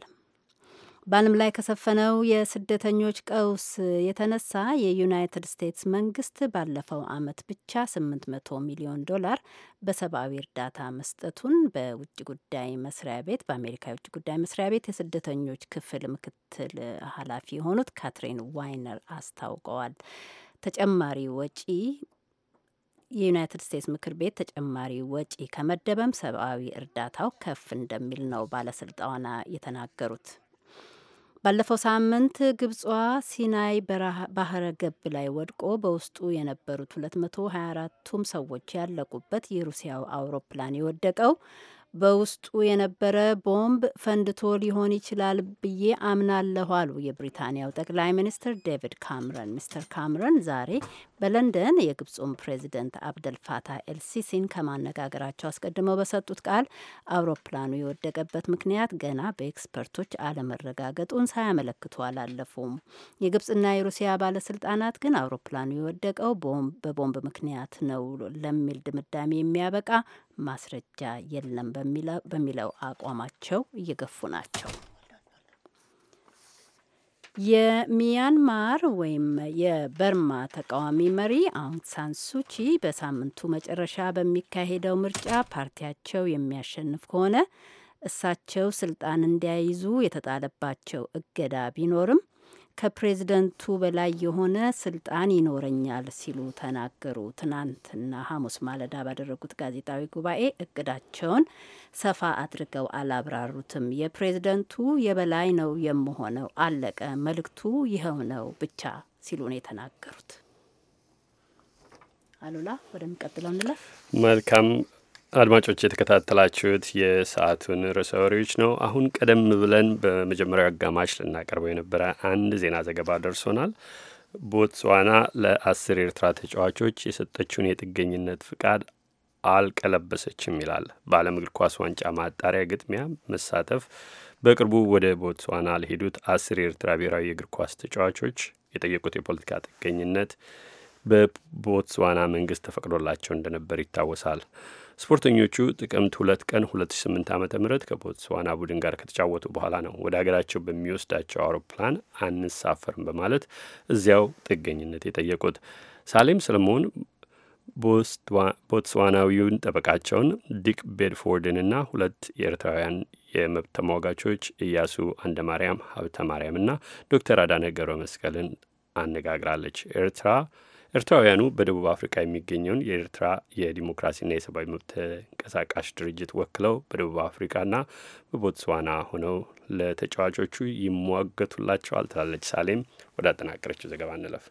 በዓለም ላይ ከሰፈነው የስደተኞች ቀውስ የተነሳ የዩናይትድ ስቴትስ መንግስት ባለፈው ዓመት ብቻ 800 ሚሊዮን ዶላር በሰብአዊ እርዳታ መስጠቱን በውጭ ጉዳይ መስሪያ ቤት በአሜሪካ የውጭ ጉዳይ መስሪያ ቤት የስደተኞች ክፍል ምክትል ኃላፊ የሆኑት ካትሪን ዋይነር አስታውቀዋል። ተጨማሪ ወጪ የዩናይትድ ስቴትስ ምክር ቤት ተጨማሪ ወጪ ከመደበም ሰብአዊ እርዳታው ከፍ እንደሚል ነው ባለስልጣኗ የተናገሩት። ባለፈው ሳምንት ግብጿ ሲናይ ባህረ ገብ ላይ ወድቆ በውስጡ የነበሩት 224ቱም ሰዎች ያለቁበት የሩሲያው አውሮፕላን የወደቀው በውስጡ የነበረ ቦምብ ፈንድቶ ሊሆን ይችላል ብዬ አምናለሁ አሉ የብሪታንያው ጠቅላይ ሚኒስትር ዴቪድ ካምረን። ሚስተር ካምረን ዛሬ በለንደን የግብፁን ፕሬዚደንት አብደል ኤልሲሲን ከማነጋገራቸው አስቀድመው በሰጡት ቃል አውሮፕላኑ የወደቀበት ምክንያት ገና በኤክስፐርቶች አለመረጋገጡን ሳያመለክቱ አላለፉም። የግብፅና የሩሲያ ባለስልጣናት ግን አውሮፕላኑ የወደቀው በቦምብ ምክንያት ነው ለሚል ድምዳሜ የሚያበቃ ማስረጃ የለም በሚለው አቋማቸው እየገፉ ናቸው። የሚያንማር ወይም የበርማ ተቃዋሚ መሪ አውንግ ሳን ሱቺ በሳምንቱ መጨረሻ በሚካሄደው ምርጫ ፓርቲያቸው የሚያሸንፍ ከሆነ እሳቸው ስልጣን እንዲያይዙ የተጣለባቸው እገዳ ቢኖርም ከፕሬዝደንቱ በላይ የሆነ ስልጣን ይኖረኛል ሲሉ ተናገሩ። ትናንትና ሐሙስ ማለዳ ባደረጉት ጋዜጣዊ ጉባኤ እቅዳቸውን ሰፋ አድርገው አላብራሩትም። የፕሬዝደንቱ የበላይ ነው የምሆነው፣ አለቀ፣ መልእክቱ ይኸው ነው ብቻ ሲሉ ነው የተናገሩት። አሉላ ወደሚቀጥለው እንለፍ።
መልካም አድማጮች የተከታተላችሁት የሰዓቱን ርዕሰ ወሬዎች ነው። አሁን ቀደም ብለን በመጀመሪያው አጋማሽ ልናቀርበው የነበረ አንድ ዜና ዘገባ ደርሶናል። ቦትስዋና ለአስር ኤርትራ ተጫዋቾች የሰጠችውን የጥገኝነት ፍቃድ አልቀለበሰችም ይላል። በዓለም እግር ኳስ ዋንጫ ማጣሪያ ግጥሚያ መሳተፍ በቅርቡ ወደ ቦትስዋና ለሄዱት አስር የኤርትራ ብሔራዊ የእግር ኳስ ተጫዋቾች የጠየቁት የፖለቲካ ጥገኝነት በቦትስዋና መንግስት ተፈቅዶላቸው እንደነበር ይታወሳል። ስፖርተኞቹ ጥቅምት ሁለት ቀን 2008 ዓ ም ከቦትስዋና ቡድን ጋር ከተጫወቱ በኋላ ነው ወደ ሀገራቸው በሚወስዳቸው አውሮፕላን አንሳፈርም በማለት እዚያው ጥገኝነት የጠየቁት። ሳሌም ሰለሞን ቦትስዋናዊውን ጠበቃቸውን ዲክ ቤድፎርድንና ሁለት የኤርትራውያን የመብት ተሟጋቾች እያሱ አንደ ማርያም ሀብተ ማርያምና ዶክተር አዳነ ገብረ መስቀልን አነጋግራለች። ኤርትራ ኤርትራውያኑ በደቡብ አፍሪካ የሚገኘውን የኤርትራ የዲሞክራሲና የሰብአዊ መብት ተንቀሳቃሽ ድርጅት ወክለው በደቡብ አፍሪካና በቦትስዋና ሆነው ለተጫዋቾቹ ይሟገቱላቸዋል ትላለች ሳሌም። ወደ አጠናቀረችው ዘገባ እንለፍ።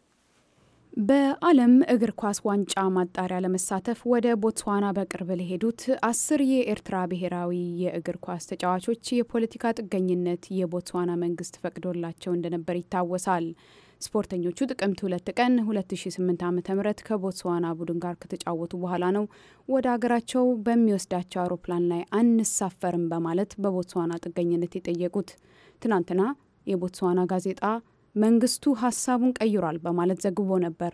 በዓለም እግር ኳስ ዋንጫ ማጣሪያ ለመሳተፍ ወደ ቦትስዋና በቅርብ ለሄዱት አስር የኤርትራ ብሔራዊ የእግር ኳስ ተጫዋቾች የፖለቲካ ጥገኝነት የቦትስዋና መንግስት ፈቅዶላቸው እንደነበር ይታወሳል። ስፖርተኞቹ ጥቅምት ሁለት ቀን 2008 ዓ ም ከቦትስዋና ቡድን ጋር ከተጫወቱ በኋላ ነው ወደ አገራቸው በሚወስዳቸው አውሮፕላን ላይ አንሳፈርም በማለት በቦትስዋና ጥገኝነት የጠየቁት። ትናንትና የቦትስዋና ጋዜጣ መንግስቱ ሀሳቡን ቀይሯል በማለት ዘግቦ ነበር።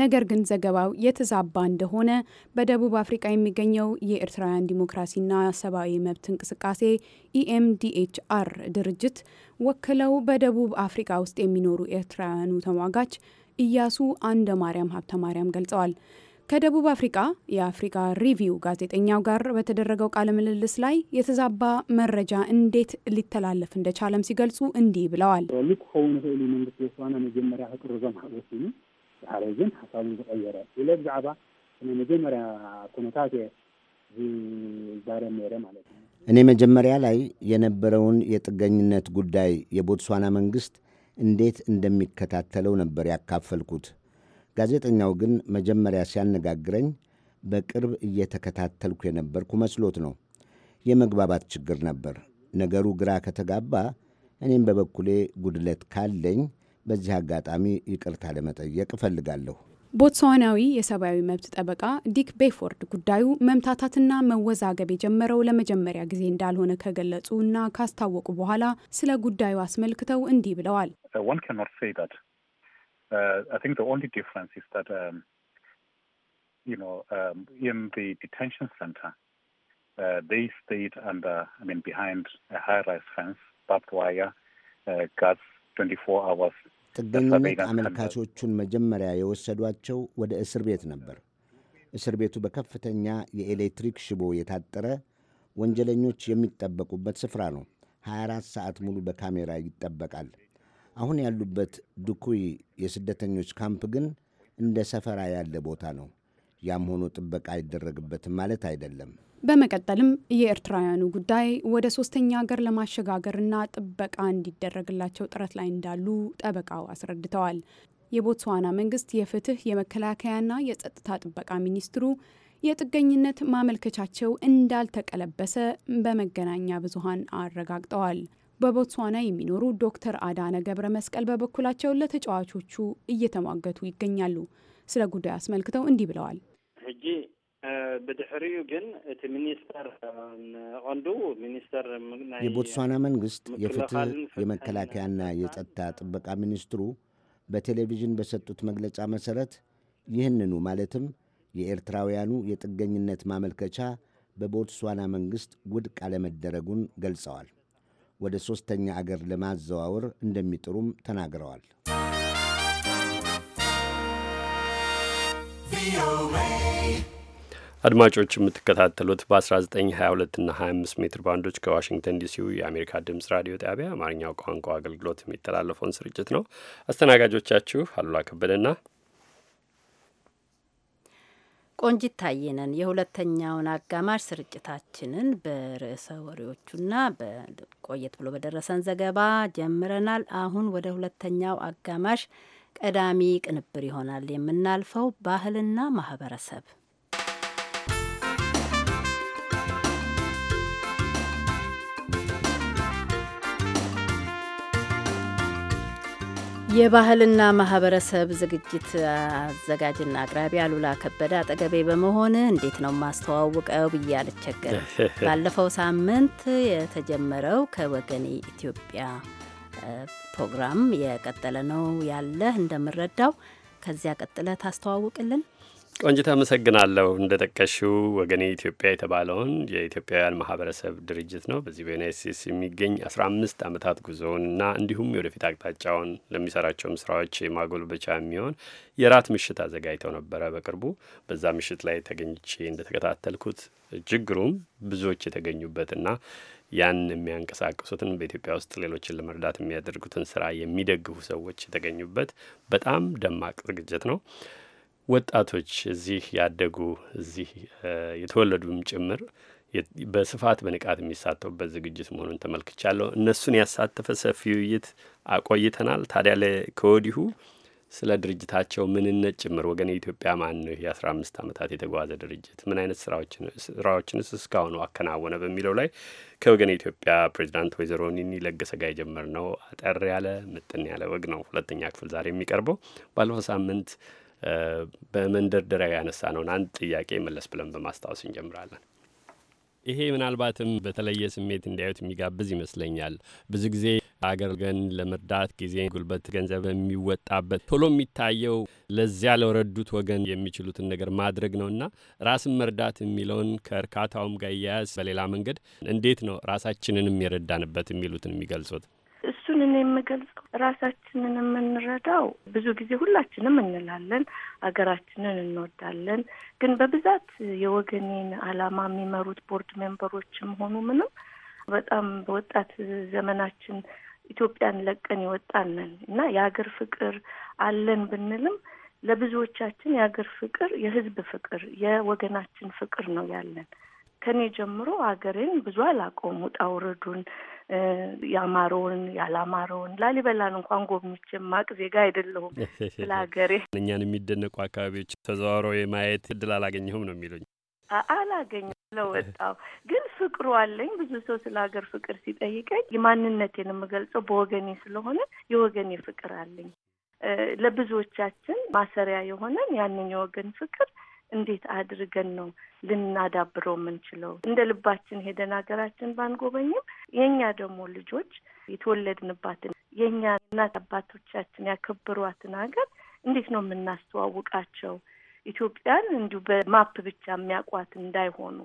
ነገር ግን ዘገባው የተዛባ እንደሆነ በደቡብ አፍሪካ የሚገኘው የኤርትራውያን ዲሞክራሲና ሰብአዊ መብት እንቅስቃሴ ኢኤምዲኤችአር ድርጅት ወክለው በደቡብ አፍሪካ ውስጥ የሚኖሩ ኤርትራውያኑ ተሟጋች ኢያሱ አንደ ማርያም ሀብተ ማርያም ገልጸዋል። ከደቡብ አፍሪካ የአፍሪካ ሪቪው ጋዜጠኛው ጋር በተደረገው ቃለ ምልልስ ላይ የተዛባ መረጃ እንዴት ሊተላለፍ እንደቻለም ሲገልጹ እንዲህ ብለዋል። ልክ ክኸውን ይኽእል መንግስቲ ቦትስዋና መጀመርያ ክቅርዞ ማሕወስ እዩ ድሓረይ ግን ሓሳቡ ዝቀየረ ኢለ ብዛዕባ መጀመሪያ ኩነታት
ዛረብ ነይረ ማለት እዩ
እኔ መጀመሪያ ላይ የነበረውን የጥገኝነት ጉዳይ የቦትስዋና መንግሥት እንዴት እንደሚከታተለው ነበር ያካፈልኩት። ጋዜጠኛው ግን መጀመሪያ ሲያነጋግረኝ በቅርብ እየተከታተልኩ የነበርኩ መስሎት ነው። የመግባባት ችግር ነበር። ነገሩ ግራ ከተጋባ እኔም በበኩሌ ጉድለት ካለኝ በዚህ አጋጣሚ ይቅርታ ለመጠየቅ እፈልጋለሁ።
ቦትስዋናዊ የሰብአዊ መብት ጠበቃ ዲክ ቤፎርድ ጉዳዩ መምታታትና መወዛገብ የጀመረው ለመጀመሪያ ጊዜ እንዳልሆነ ከገለጹ እና ካስታወቁ በኋላ ስለ ጉዳዩ አስመልክተው እንዲህ ብለዋል።
uh,
ጥገኝነት አመልካቾቹን መጀመሪያ የወሰዷቸው ወደ እስር ቤት ነበር። እስር ቤቱ በከፍተኛ የኤሌክትሪክ ሽቦ የታጠረ ወንጀለኞች የሚጠበቁበት ስፍራ ነው። 24 ሰዓት ሙሉ በካሜራ ይጠበቃል። አሁን ያሉበት ዱኩይ የስደተኞች ካምፕ ግን እንደ ሰፈራ ያለ ቦታ ነው። ያም ሆኖ ጥበቃ አይደረግበትም ማለት አይደለም።
በመቀጠልም የኤርትራውያኑ ጉዳይ ወደ ሶስተኛ ሀገር ለማሸጋገርና ጥበቃ እንዲደረግላቸው ጥረት ላይ እንዳሉ ጠበቃው አስረድተዋል። የቦትስዋና መንግስት የፍትህ የመከላከያና የጸጥታ ጥበቃ ሚኒስትሩ የጥገኝነት ማመልከቻቸው እንዳልተቀለበሰ በመገናኛ ብዙሃን አረጋግጠዋል። በቦትስዋና የሚኖሩ ዶክተር አዳነ ገብረ መስቀል በበኩላቸው ለተጫዋቾቹ እየተሟገቱ ይገኛሉ። ስለ ጉዳዩ አስመልክተው እንዲህ ብለዋል።
ሕጂ ብድሕሪኡ ግን እቲ ሚኒስተር ቀንዱ ሚኒስተር የቦትስዋና
መንግስት
የፍትህ የመከላከያና የጸጥታ ጥበቃ ሚኒስትሩ በቴሌቪዥን በሰጡት መግለጫ መሠረት ይህንኑ ማለትም የኤርትራውያኑ የጥገኝነት ማመልከቻ በቦትስዋና መንግሥት ውድቅ አለመደረጉን ገልጸዋል። ወደ ሦስተኛ አገር ለማዘዋወር እንደሚጥሩም ተናግረዋል።
ቪኦኤ
አድማጮች የምትከታተሉት በ1922 እና 25 ሜትር ባንዶች ከዋሽንግተን ዲሲው የአሜሪካ ድምፅ ራዲዮ ጣቢያ አማርኛው ቋንቋ አገልግሎት የሚተላለፈውን ስርጭት ነው። አስተናጋጆቻችሁ አሉላ ከበደና
ቆንጂት ታየነን። የሁለተኛውን አጋማሽ ስርጭታችንን በርዕሰ ወሬዎቹና በቆየት ብሎ በደረሰን ዘገባ ጀምረናል። አሁን ወደ ሁለተኛው አጋማሽ ቀዳሚ ቅንብር ይሆናል የምናልፈው ባህልና ማህበረሰብ የባህልና ማህበረሰብ ዝግጅት አዘጋጅና አቅራቢ አሉላ ከበደ አጠገቤ በመሆን እንዴት ነው ማስተዋውቀው ብዬ ባለፈው ሳምንት የተጀመረው ከወገኔ ኢትዮጵያ ፕሮግራም የቀጠለ ነው ያለህ እንደምረዳው። ከዚያ ቀጥለ ታስተዋውቅልን።
ቆንጅታ አመሰግናለሁ። እንደጠቀሽው ወገኔ ኢትዮጵያ የተባለውን የኢትዮጵያውያን ማህበረሰብ ድርጅት ነው። በዚህ በዩናይት ስቴትስ የሚገኝ አስራ አምስት ዓመታት እና እንዲሁም የወደፊት አቅጣጫውን ለሚሰራቸውም ስራዎች የማጎልበቻ የሚሆን የራት ምሽት አዘጋጅተው ነበረ በቅርቡ። በዛ ምሽት ላይ ተገኝቼ እንደተከታተልኩት እጅግ ግሩም ብዙዎች የተገኙበትና ያን የሚያንቀሳቅሱትን በኢትዮጵያ ውስጥ ሌሎችን ለመርዳት የሚያደርጉትን ስራ የሚደግፉ ሰዎች የተገኙበት በጣም ደማቅ ዝግጅት ነው። ወጣቶች እዚህ ያደጉ እዚህ የተወለዱም ጭምር በስፋት በንቃት የሚሳተፉበት ዝግጅት መሆኑን ተመልክቻለሁ። እነሱን ያሳተፈ ሰፊ ውይይት አቆይተናል። ታዲያ ከወዲሁ ስለ ድርጅታቸው ምንነት ጭምር ወገን የኢትዮጵያ ማን ነው ይህ የአስራ አምስት ዓመታት የተጓዘ ድርጅት ምን አይነት ስራዎችንስ እስካሁኑ አከናወነ በሚለው ላይ ከወገን የኢትዮጵያ ፕሬዚዳንት ወይዘሮ ኒኒ ለገሰ ጋር የጀመርነው አጠር ያለ ምጥን ያለ ወግ ነው። ሁለተኛ ክፍል ዛሬ የሚቀርበው ባለፈው ሳምንት ያነሳ ነውን አንድ ጥያቄ መለስ ብለን በማስታወስ እንጀምራለን። ይሄ ምናልባትም በተለየ ስሜት እንዲያዩት የሚጋብዝ ይመስለኛል። ብዙ ጊዜ አገር ገን ለመርዳት ጊዜ፣ ጉልበት፣ ገንዘብ የሚወጣበት ቶሎ የሚታየው ለዚያ ለረዱት ወገን የሚችሉትን ነገር ማድረግ ነውና ራስን መርዳት የሚለውን ከእርካታውም ጋር እያያዝ በሌላ መንገድ እንዴት ነው ራሳችንንም የረዳንበት የሚሉትን የሚገልጹት?
ይህንን የምገልጸው ራሳችንን የምንረዳው ብዙ ጊዜ ሁላችንም እንላለን፣ ሀገራችንን እንወዳለን። ግን በብዛት የወገኔን አላማ የሚመሩት ቦርድ ሜምበሮችም ሆኑ ምንም በጣም በወጣት ዘመናችን ኢትዮጵያን ለቀን ይወጣነን እና የሀገር ፍቅር አለን ብንልም ለብዙዎቻችን የሀገር ፍቅር፣ የህዝብ ፍቅር፣ የወገናችን ፍቅር ነው ያለን ከኔ ጀምሮ ሀገሬን ብዙ አላቆሙ ጣውረዱን ያማረውን ያላማረውን ላሊበላን እንኳን ጎብኝቼ የማቅ ዜጋ አይደለሁም። ስለ ሀገሬ
እኛን የሚደነቁ አካባቢዎች ተዘዋውረው የማየት እድል አላገኘሁም ነው የሚሉኝ።
አላገኘሁም ለወጣው ግን ፍቅሩ አለኝ። ብዙ ሰው ስለ ሀገር ፍቅር ሲጠይቀኝ የማንነቴን የምገልጸው በወገኔ ስለሆነ የወገኔ ፍቅር አለኝ። ለብዙዎቻችን ማሰሪያ የሆነን ያንን የወገን ፍቅር እንዴት አድርገን ነው ልናዳብረው የምንችለው? እንደ ልባችን ሄደን ሀገራችን ባንጎበኝም የእኛ ደግሞ ልጆች የተወለድንባትን የእኛ እናት አባቶቻችን ያከብሯትን ሀገር እንዴት ነው የምናስተዋውቃቸው? ኢትዮጵያን እንዲሁ በማፕ ብቻ የሚያውቋት እንዳይሆኑ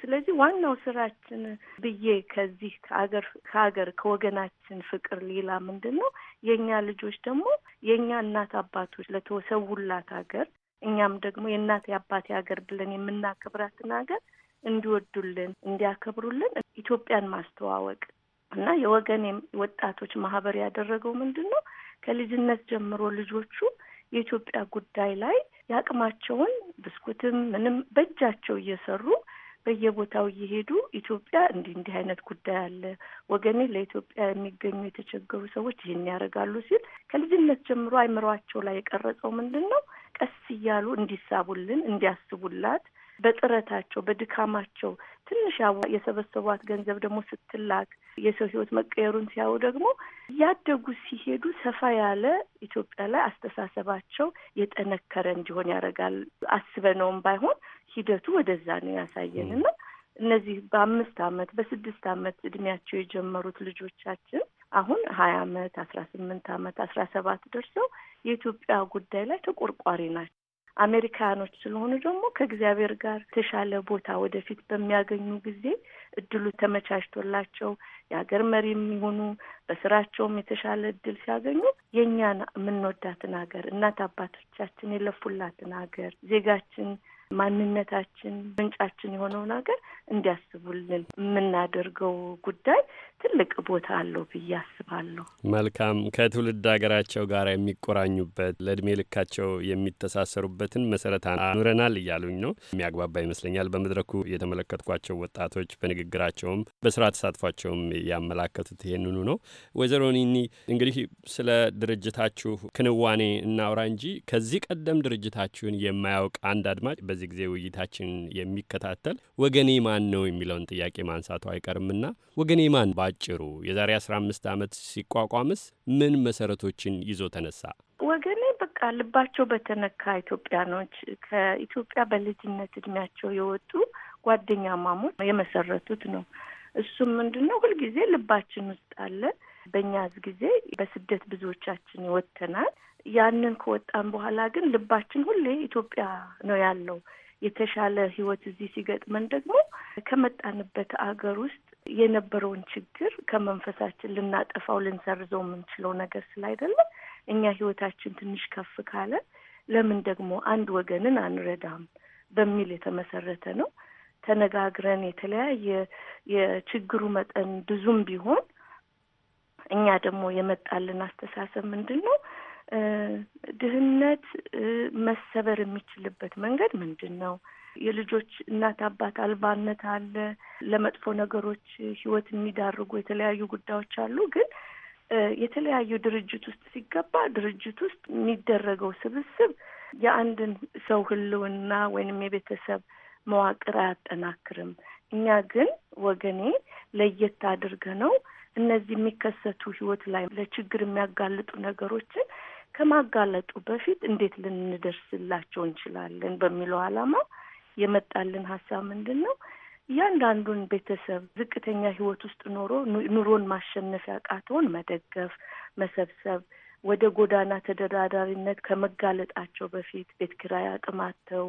ስለዚህ ዋናው ስራችን ብዬ ከዚህ ከአገር ከሀገር ከወገናችን ፍቅር ሌላ ምንድን ነው? የእኛ ልጆች ደግሞ የእኛ እናት አባቶች ለተወሰውላት ሀገር እኛም ደግሞ የእናት የአባት ሀገር ብለን የምናከብራትን ሀገር እንዲወዱልን እንዲያከብሩልን ኢትዮጵያን ማስተዋወቅ እና የወገን ወጣቶች ማህበር ያደረገው ምንድን ነው? ከልጅነት ጀምሮ ልጆቹ የኢትዮጵያ ጉዳይ ላይ የአቅማቸውን ብስኩትም ምንም በእጃቸው እየሰሩ በየቦታው እየሄዱ ኢትዮጵያ እንዲህ እንዲህ አይነት ጉዳይ አለ ወገኔ፣ ለኢትዮጵያ የሚገኙ የተቸገሩ ሰዎች ይህን ያደርጋሉ ሲል ከልጅነት ጀምሮ አይምሯቸው ላይ የቀረጸው ምንድን ነው? ቀስ እያሉ እንዲሳቡልን እንዲያስቡላት በጥረታቸው በድካማቸው ትንሽ የሰበሰቧት ገንዘብ ደግሞ ስትላክ የሰው ህይወት መቀየሩን ሲያዩ ደግሞ እያደጉ ሲሄዱ ሰፋ ያለ ኢትዮጵያ ላይ አስተሳሰባቸው የጠነከረ እንዲሆን ያደርጋል። አስበነውም ባይሆን ሂደቱ ወደዛ ነው ያሳየን እና እነዚህ በአምስት አመት በስድስት አመት እድሜያቸው የጀመሩት ልጆቻችን አሁን ሀያ አመት አስራ ስምንት አመት አስራ ሰባት ደርሰው የኢትዮጵያ ጉዳይ ላይ ተቆርቋሪ ናቸው። አሜሪካኖች ስለሆኑ ደግሞ ከእግዚአብሔር ጋር የተሻለ ቦታ ወደፊት በሚያገኙ ጊዜ እድሉ ተመቻችቶላቸው የሀገር መሪ የሚሆኑ በስራቸውም የተሻለ እድል ሲያገኙ የእኛን የምንወዳትን ሀገር እናት አባቶቻችን የለፉላትን ሀገር ዜጋችን ማንነታችን ምንጫችን የሆነውን ሀገር እንዲያስቡልን የምናደርገው ጉዳይ ትልቅ ቦታ አለው ብዬ አስባለሁ።
መልካም ከትውልድ ሀገራቸው ጋር የሚቆራኙበት ለእድሜ ልካቸው የሚተሳሰሩበትን መሰረት አኑረናል እያሉኝ ነው። የሚያግባባ ይመስለኛል። በመድረኩ የተመለከትኳቸው ወጣቶች በንግግራቸውም በስራ ተሳትፏቸውም ያመላከቱት ይሄንኑ ነው። ወይዘሮ ኒኒ እንግዲህ ስለ ድርጅታችሁ ክንዋኔ እናውራ እንጂ ከዚህ ቀደም ድርጅታችሁን የማያውቅ አንድ አድማጭ በዚህ ጊዜ ውይይታችን የሚከታተል ወገኔ ማን ነው የሚለውን ጥያቄ ማንሳቱ አይቀርምና ወገኔ ማን ባጭሩ የዛሬ አስራ አምስት ዓመት ሲቋቋምስ ምን መሰረቶችን ይዞ ተነሳ?
ወገኔ በቃ ልባቸው በተነካ ኢትዮጵያኖች ከኢትዮጵያ በልጅነት እድሜያቸው የወጡ ጓደኛ ማሞች የመሰረቱት ነው። እሱም ምንድን ነው ሁልጊዜ ልባችን ውስጥ አለ። በእኛ ጊዜ በስደት ብዙዎቻችን ይወተናል። ያንን ከወጣን በኋላ ግን ልባችን ሁሌ ኢትዮጵያ ነው ያለው። የተሻለ ህይወት እዚህ ሲገጥመን ደግሞ ከመጣንበት አገር ውስጥ የነበረውን ችግር ከመንፈሳችን ልናጠፋው ልንሰርዘው የምንችለው ነገር ስላይደለም እኛ ህይወታችን ትንሽ ከፍ ካለ ለምን ደግሞ አንድ ወገንን አንረዳም በሚል የተመሰረተ ነው። ተነጋግረን የተለያየ የችግሩ መጠን ብዙም ቢሆን እኛ ደግሞ የመጣልን አስተሳሰብ ምንድን ነው? ድህነት መሰበር የሚችልበት መንገድ ምንድን ነው? የልጆች እናት አባት አልባነት አለ። ለመጥፎ ነገሮች ህይወት የሚዳርጉ የተለያዩ ጉዳዮች አሉ። ግን የተለያዩ ድርጅት ውስጥ ሲገባ ድርጅት ውስጥ የሚደረገው ስብስብ የአንድን ሰው ህልውና ወይንም የቤተሰብ መዋቅር አያጠናክርም። እኛ ግን ወገኔ ለየት አድርገ ነው እነዚህ የሚከሰቱ ህይወት ላይ ለችግር የሚያጋልጡ ነገሮችን ከማጋለጡ በፊት እንዴት ልንደርስላቸው እንችላለን በሚለው ዓላማ የመጣልን ሀሳብ ምንድን ነው? እያንዳንዱን ቤተሰብ ዝቅተኛ ህይወት ውስጥ ኖሮ ኑሮን ማሸነፍ ያቃተውን መደገፍ፣ መሰብሰብ ወደ ጎዳና ተደራዳሪነት ከመጋለጣቸው በፊት ቤት ኪራይ አቅማተው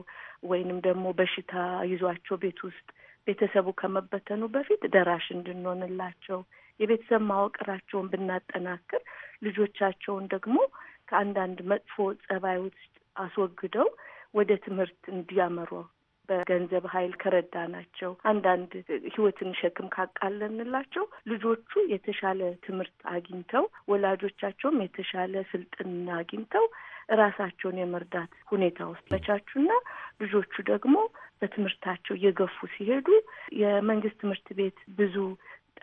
ወይንም ደግሞ በሽታ ይዟቸው ቤት ውስጥ ቤተሰቡ ከመበተኑ በፊት ደራሽ እንድንሆንላቸው የቤተሰብ ማወቅራቸውን ብናጠናክር ልጆቻቸውን ደግሞ ከአንዳንድ መጥፎ ጸባይ ውስጥ አስወግደው ወደ ትምህርት እንዲያመሩ በገንዘብ ኃይል ከረዳ ናቸው አንዳንድ ህይወትን ሸክም ካቃለንላቸው ልጆቹ የተሻለ ትምህርት አግኝተው ወላጆቻቸውም የተሻለ ስልጥና አግኝተው ራሳቸውን የመርዳት ሁኔታ ውስጥ መቻቹና ልጆቹ ደግሞ በትምህርታቸው እየገፉ ሲሄዱ የመንግስት ትምህርት ቤት ብዙ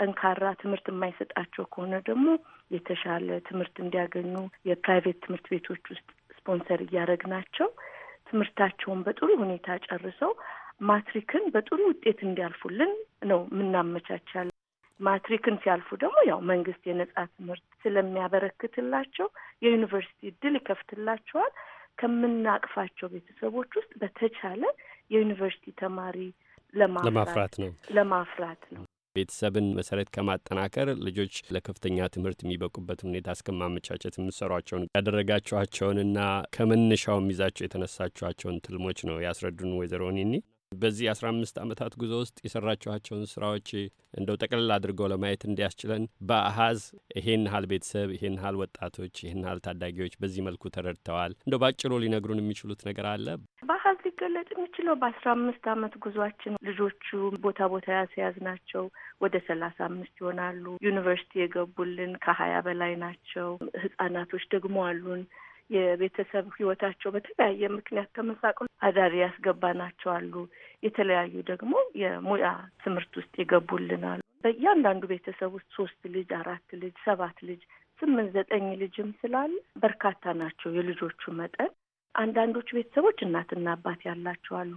ጠንካራ ትምህርት የማይሰጣቸው ከሆነ ደግሞ የተሻለ ትምህርት እንዲያገኙ የፕራይቬት ትምህርት ቤቶች ውስጥ ስፖንሰር እያደረግናቸው ትምህርታቸውን በጥሩ ሁኔታ ጨርሰው ማትሪክን በጥሩ ውጤት እንዲያልፉልን ነው የምናመቻቻለን። ማትሪክን ሲያልፉ ደግሞ ያው መንግስት የነጻ ትምህርት ስለሚያበረክትላቸው የዩኒቨርሲቲ እድል ይከፍትላቸዋል። ከምናቅፋቸው ቤተሰቦች ውስጥ በተቻለ የዩኒቨርሲቲ ተማሪ ለማፍራት ነው ለማፍራት ነው።
ቤተሰብን መሰረት ከማጠናከር ልጆች ለከፍተኛ ትምህርት የሚበቁበትን ሁኔታ እስከማመቻቸት የምሰሯቸውን ያደረጋችኋቸውንና ከመነሻው ይዛቸው የተነሳችኋቸውን ትልሞች ነው ያስረዱን ወይዘሮ ኒኒ። በዚህ አስራ አምስት ዓመታት ጉዞ ውስጥ የሰራችኋቸውን ስራዎች እንደው ጠቅልል አድርገው ለማየት እንዲያስችለን በአሀዝ ይሄን ያህል ቤተሰብ፣ ይሄን ያህል ወጣቶች፣ ይሄን ያህል ታዳጊዎች በዚህ መልኩ ተረድተዋል፣ እንደው በአጭሩ ሊነግሩን የሚችሉት ነገር አለ?
በአሀዝ ሊገለጥ የሚችለው በአስራ አምስት ዓመት ጉዟችን ልጆቹ ቦታ ቦታ ያስያዝ ናቸው ወደ ሰላሳ አምስት ይሆናሉ። ዩኒቨርሲቲ የገቡልን ከሀያ በላይ ናቸው። ህጻናቶች ደግሞ አሉን የቤተሰብ ህይወታቸው በተለያየ ምክንያት ተመሳቅሎ አዳሪ ናቸው አሉ። የተለያዩ ደግሞ የሙያ ትምህርት ውስጥ ይገቡልናሉ። በእያንዳንዱ ቤተሰብ ውስጥ ሶስት ልጅ፣ አራት ልጅ፣ ሰባት ልጅ ስምንት ዘጠኝ ልጅም ስላለ በርካታ ናቸው የልጆቹ መጠን። አንዳንዶቹ ቤተሰቦች እናትና አባት ያላቸው አሉ።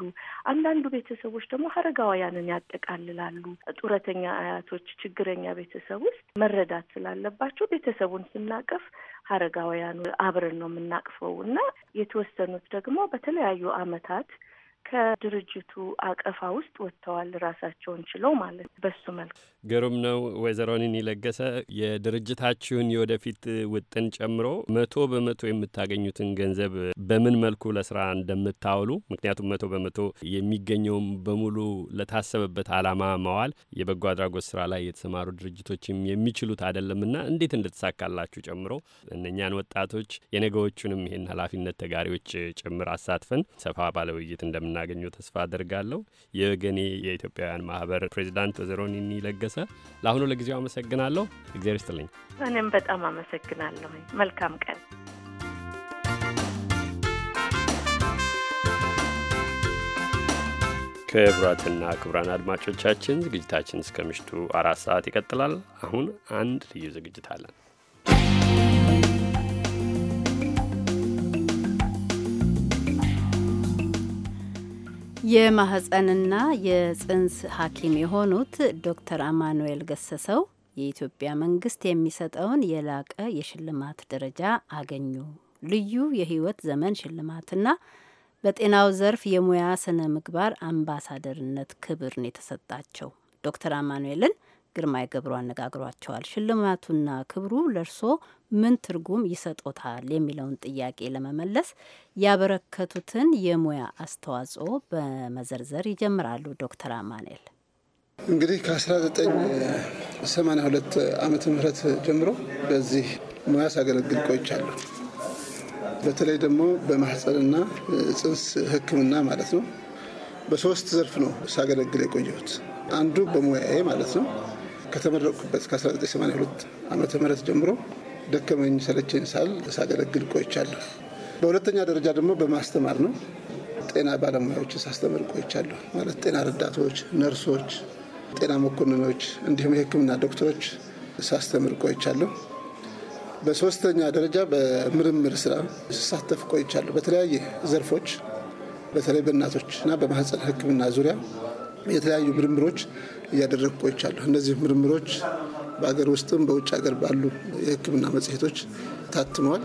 አንዳንዱ ቤተሰቦች ደግሞ አረጋውያንን ያጠቃልላሉ። ጡረተኛ አያቶች ችግረኛ ቤተሰብ ውስጥ መረዳት ስላለባቸው ቤተሰቡን ስናቀፍ አረጋውያኑ አብረን ነው የምናቅፈው እና የተወሰኑት ደግሞ በተለያዩ አመታት። ከድርጅቱ አቀፋ ውስጥ ወጥተዋል ራሳቸውን ችለው ማለት ነው። በሱ መልክ
ግሩም ነው። ወይዘሮንን የለገሰ የድርጅታችሁን የወደፊት ውጥን ጨምሮ መቶ በመቶ የምታገኙትን ገንዘብ በምን መልኩ ለስራ እንደምታውሉ ምክንያቱም መቶ በመቶ የሚገኘውም በሙሉ ለታሰበበት አላማ መዋል የበጎ አድራጎት ስራ ላይ የተሰማሩ ድርጅቶችም የሚችሉት አይደለምና እንዴት እንደተሳካላችሁ ጨምሮ እነኛን ወጣቶች የነገዎቹንም ይህን ኃላፊነት ተጋሪዎች ጭምር አሳትፈን ሰፋ ባለ ውይይት እንደምን እንደምናገኘው ተስፋ አድርጋለሁ። የወገኔ የኢትዮጵያውያን ማህበር ፕሬዚዳንት ወይዘሮ ኒኒ ለገሰ፣ ለአሁኑ ለጊዜው አመሰግናለሁ። እግዚአብሔር ይስጥልኝ።
እኔም በጣም አመሰግናለሁ። መልካም ቀን።
ክቡራትና ክቡራን አድማጮቻችን ዝግጅታችን እስከ ምሽቱ አራት ሰዓት ይቀጥላል። አሁን አንድ ልዩ ዝግጅት አለን።
የማህፀንና የጽንስ ሐኪም የሆኑት ዶክተር አማኑኤል ገሰሰው የኢትዮጵያ መንግስት የሚሰጠውን የላቀ የሽልማት ደረጃ አገኙ። ልዩ የህይወት ዘመን ሽልማትና በጤናው ዘርፍ የሙያ ስነ ምግባር አምባሳደርነት ክብር ነው የተሰጣቸው። ዶክተር አማኑኤልን ግርማይ ገብሩ አነጋግሯቸዋል። ሽልማቱና ክብሩ ለእርሶ ምን ትርጉም ይሰጦታል የሚለውን ጥያቄ ለመመለስ ያበረከቱትን የሙያ አስተዋጽኦ በመዘርዘር ይጀምራሉ ዶክተር አማኑኤል።
እንግዲህ ከ1982 ዓመተ ምህረት ጀምሮ በዚህ ሙያ ሳገለግል ቆይቻለሁ። በተለይ ደግሞ በማህፀንና ጽንስ ሕክምና ማለት ነው። በሶስት ዘርፍ ነው ሳገለግል የቆየሁት። አንዱ በሙያዬ ማለት ነው ከተመረቅኩበት ከ1982 ዓመተ ምህረት ጀምሮ ደከመኝ ሰለቸኝ ሳል ሳገለግል ቆይቻለሁ። በሁለተኛ ደረጃ ደግሞ በማስተማር ነው። ጤና ባለሙያዎች ሳስተምር ቆይቻለሁ። ማለት ጤና ረዳቶች፣ ነርሶች፣ ጤና መኮንኖች እንዲሁም የሕክምና ዶክተሮች ሳስተምር ቆይቻለሁ። በሶስተኛ ደረጃ በምርምር ስራ ስሳተፍ ቆይቻለሁ። በተለያየ ዘርፎች በተለይ በእናቶች እና በማህፀን ሕክምና ዙሪያ የተለያዩ ምርምሮች እያደረጉ ቆይቻለሁ። እነዚህ ምርምሮች በሀገር ውስጥም በውጭ ሀገር ባሉ የሕክምና መጽሔቶች ታትመዋል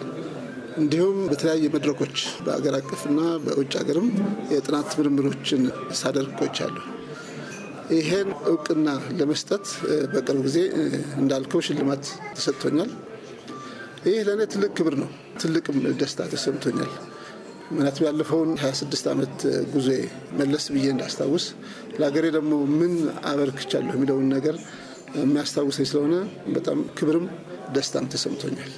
እንዲሁም በተለያዩ መድረኮች በአገር አቀፍና በውጭ ሀገርም የጥናት ምርምሮችን ሳደርግ ቆይቻለሁ። ይሄን እውቅና ለመስጠት በቅርብ ጊዜ እንዳልከው ሽልማት ተሰጥቶኛል። ይህ ለእኔ ትልቅ ክብር ነው። ትልቅም ደስታ ተሰምቶኛል። ምክንያቱም ያለፈውን 26 ዓመት ጉዞ መለስ ብዬ እንዳስታውስ ለሀገሬ ደግሞ ምን አበርክቻለሁ የሚለውን ነገር የሚያስታውሰኝ ስለሆነ በጣም ክብርም ደስታም ተሰምቶኛል።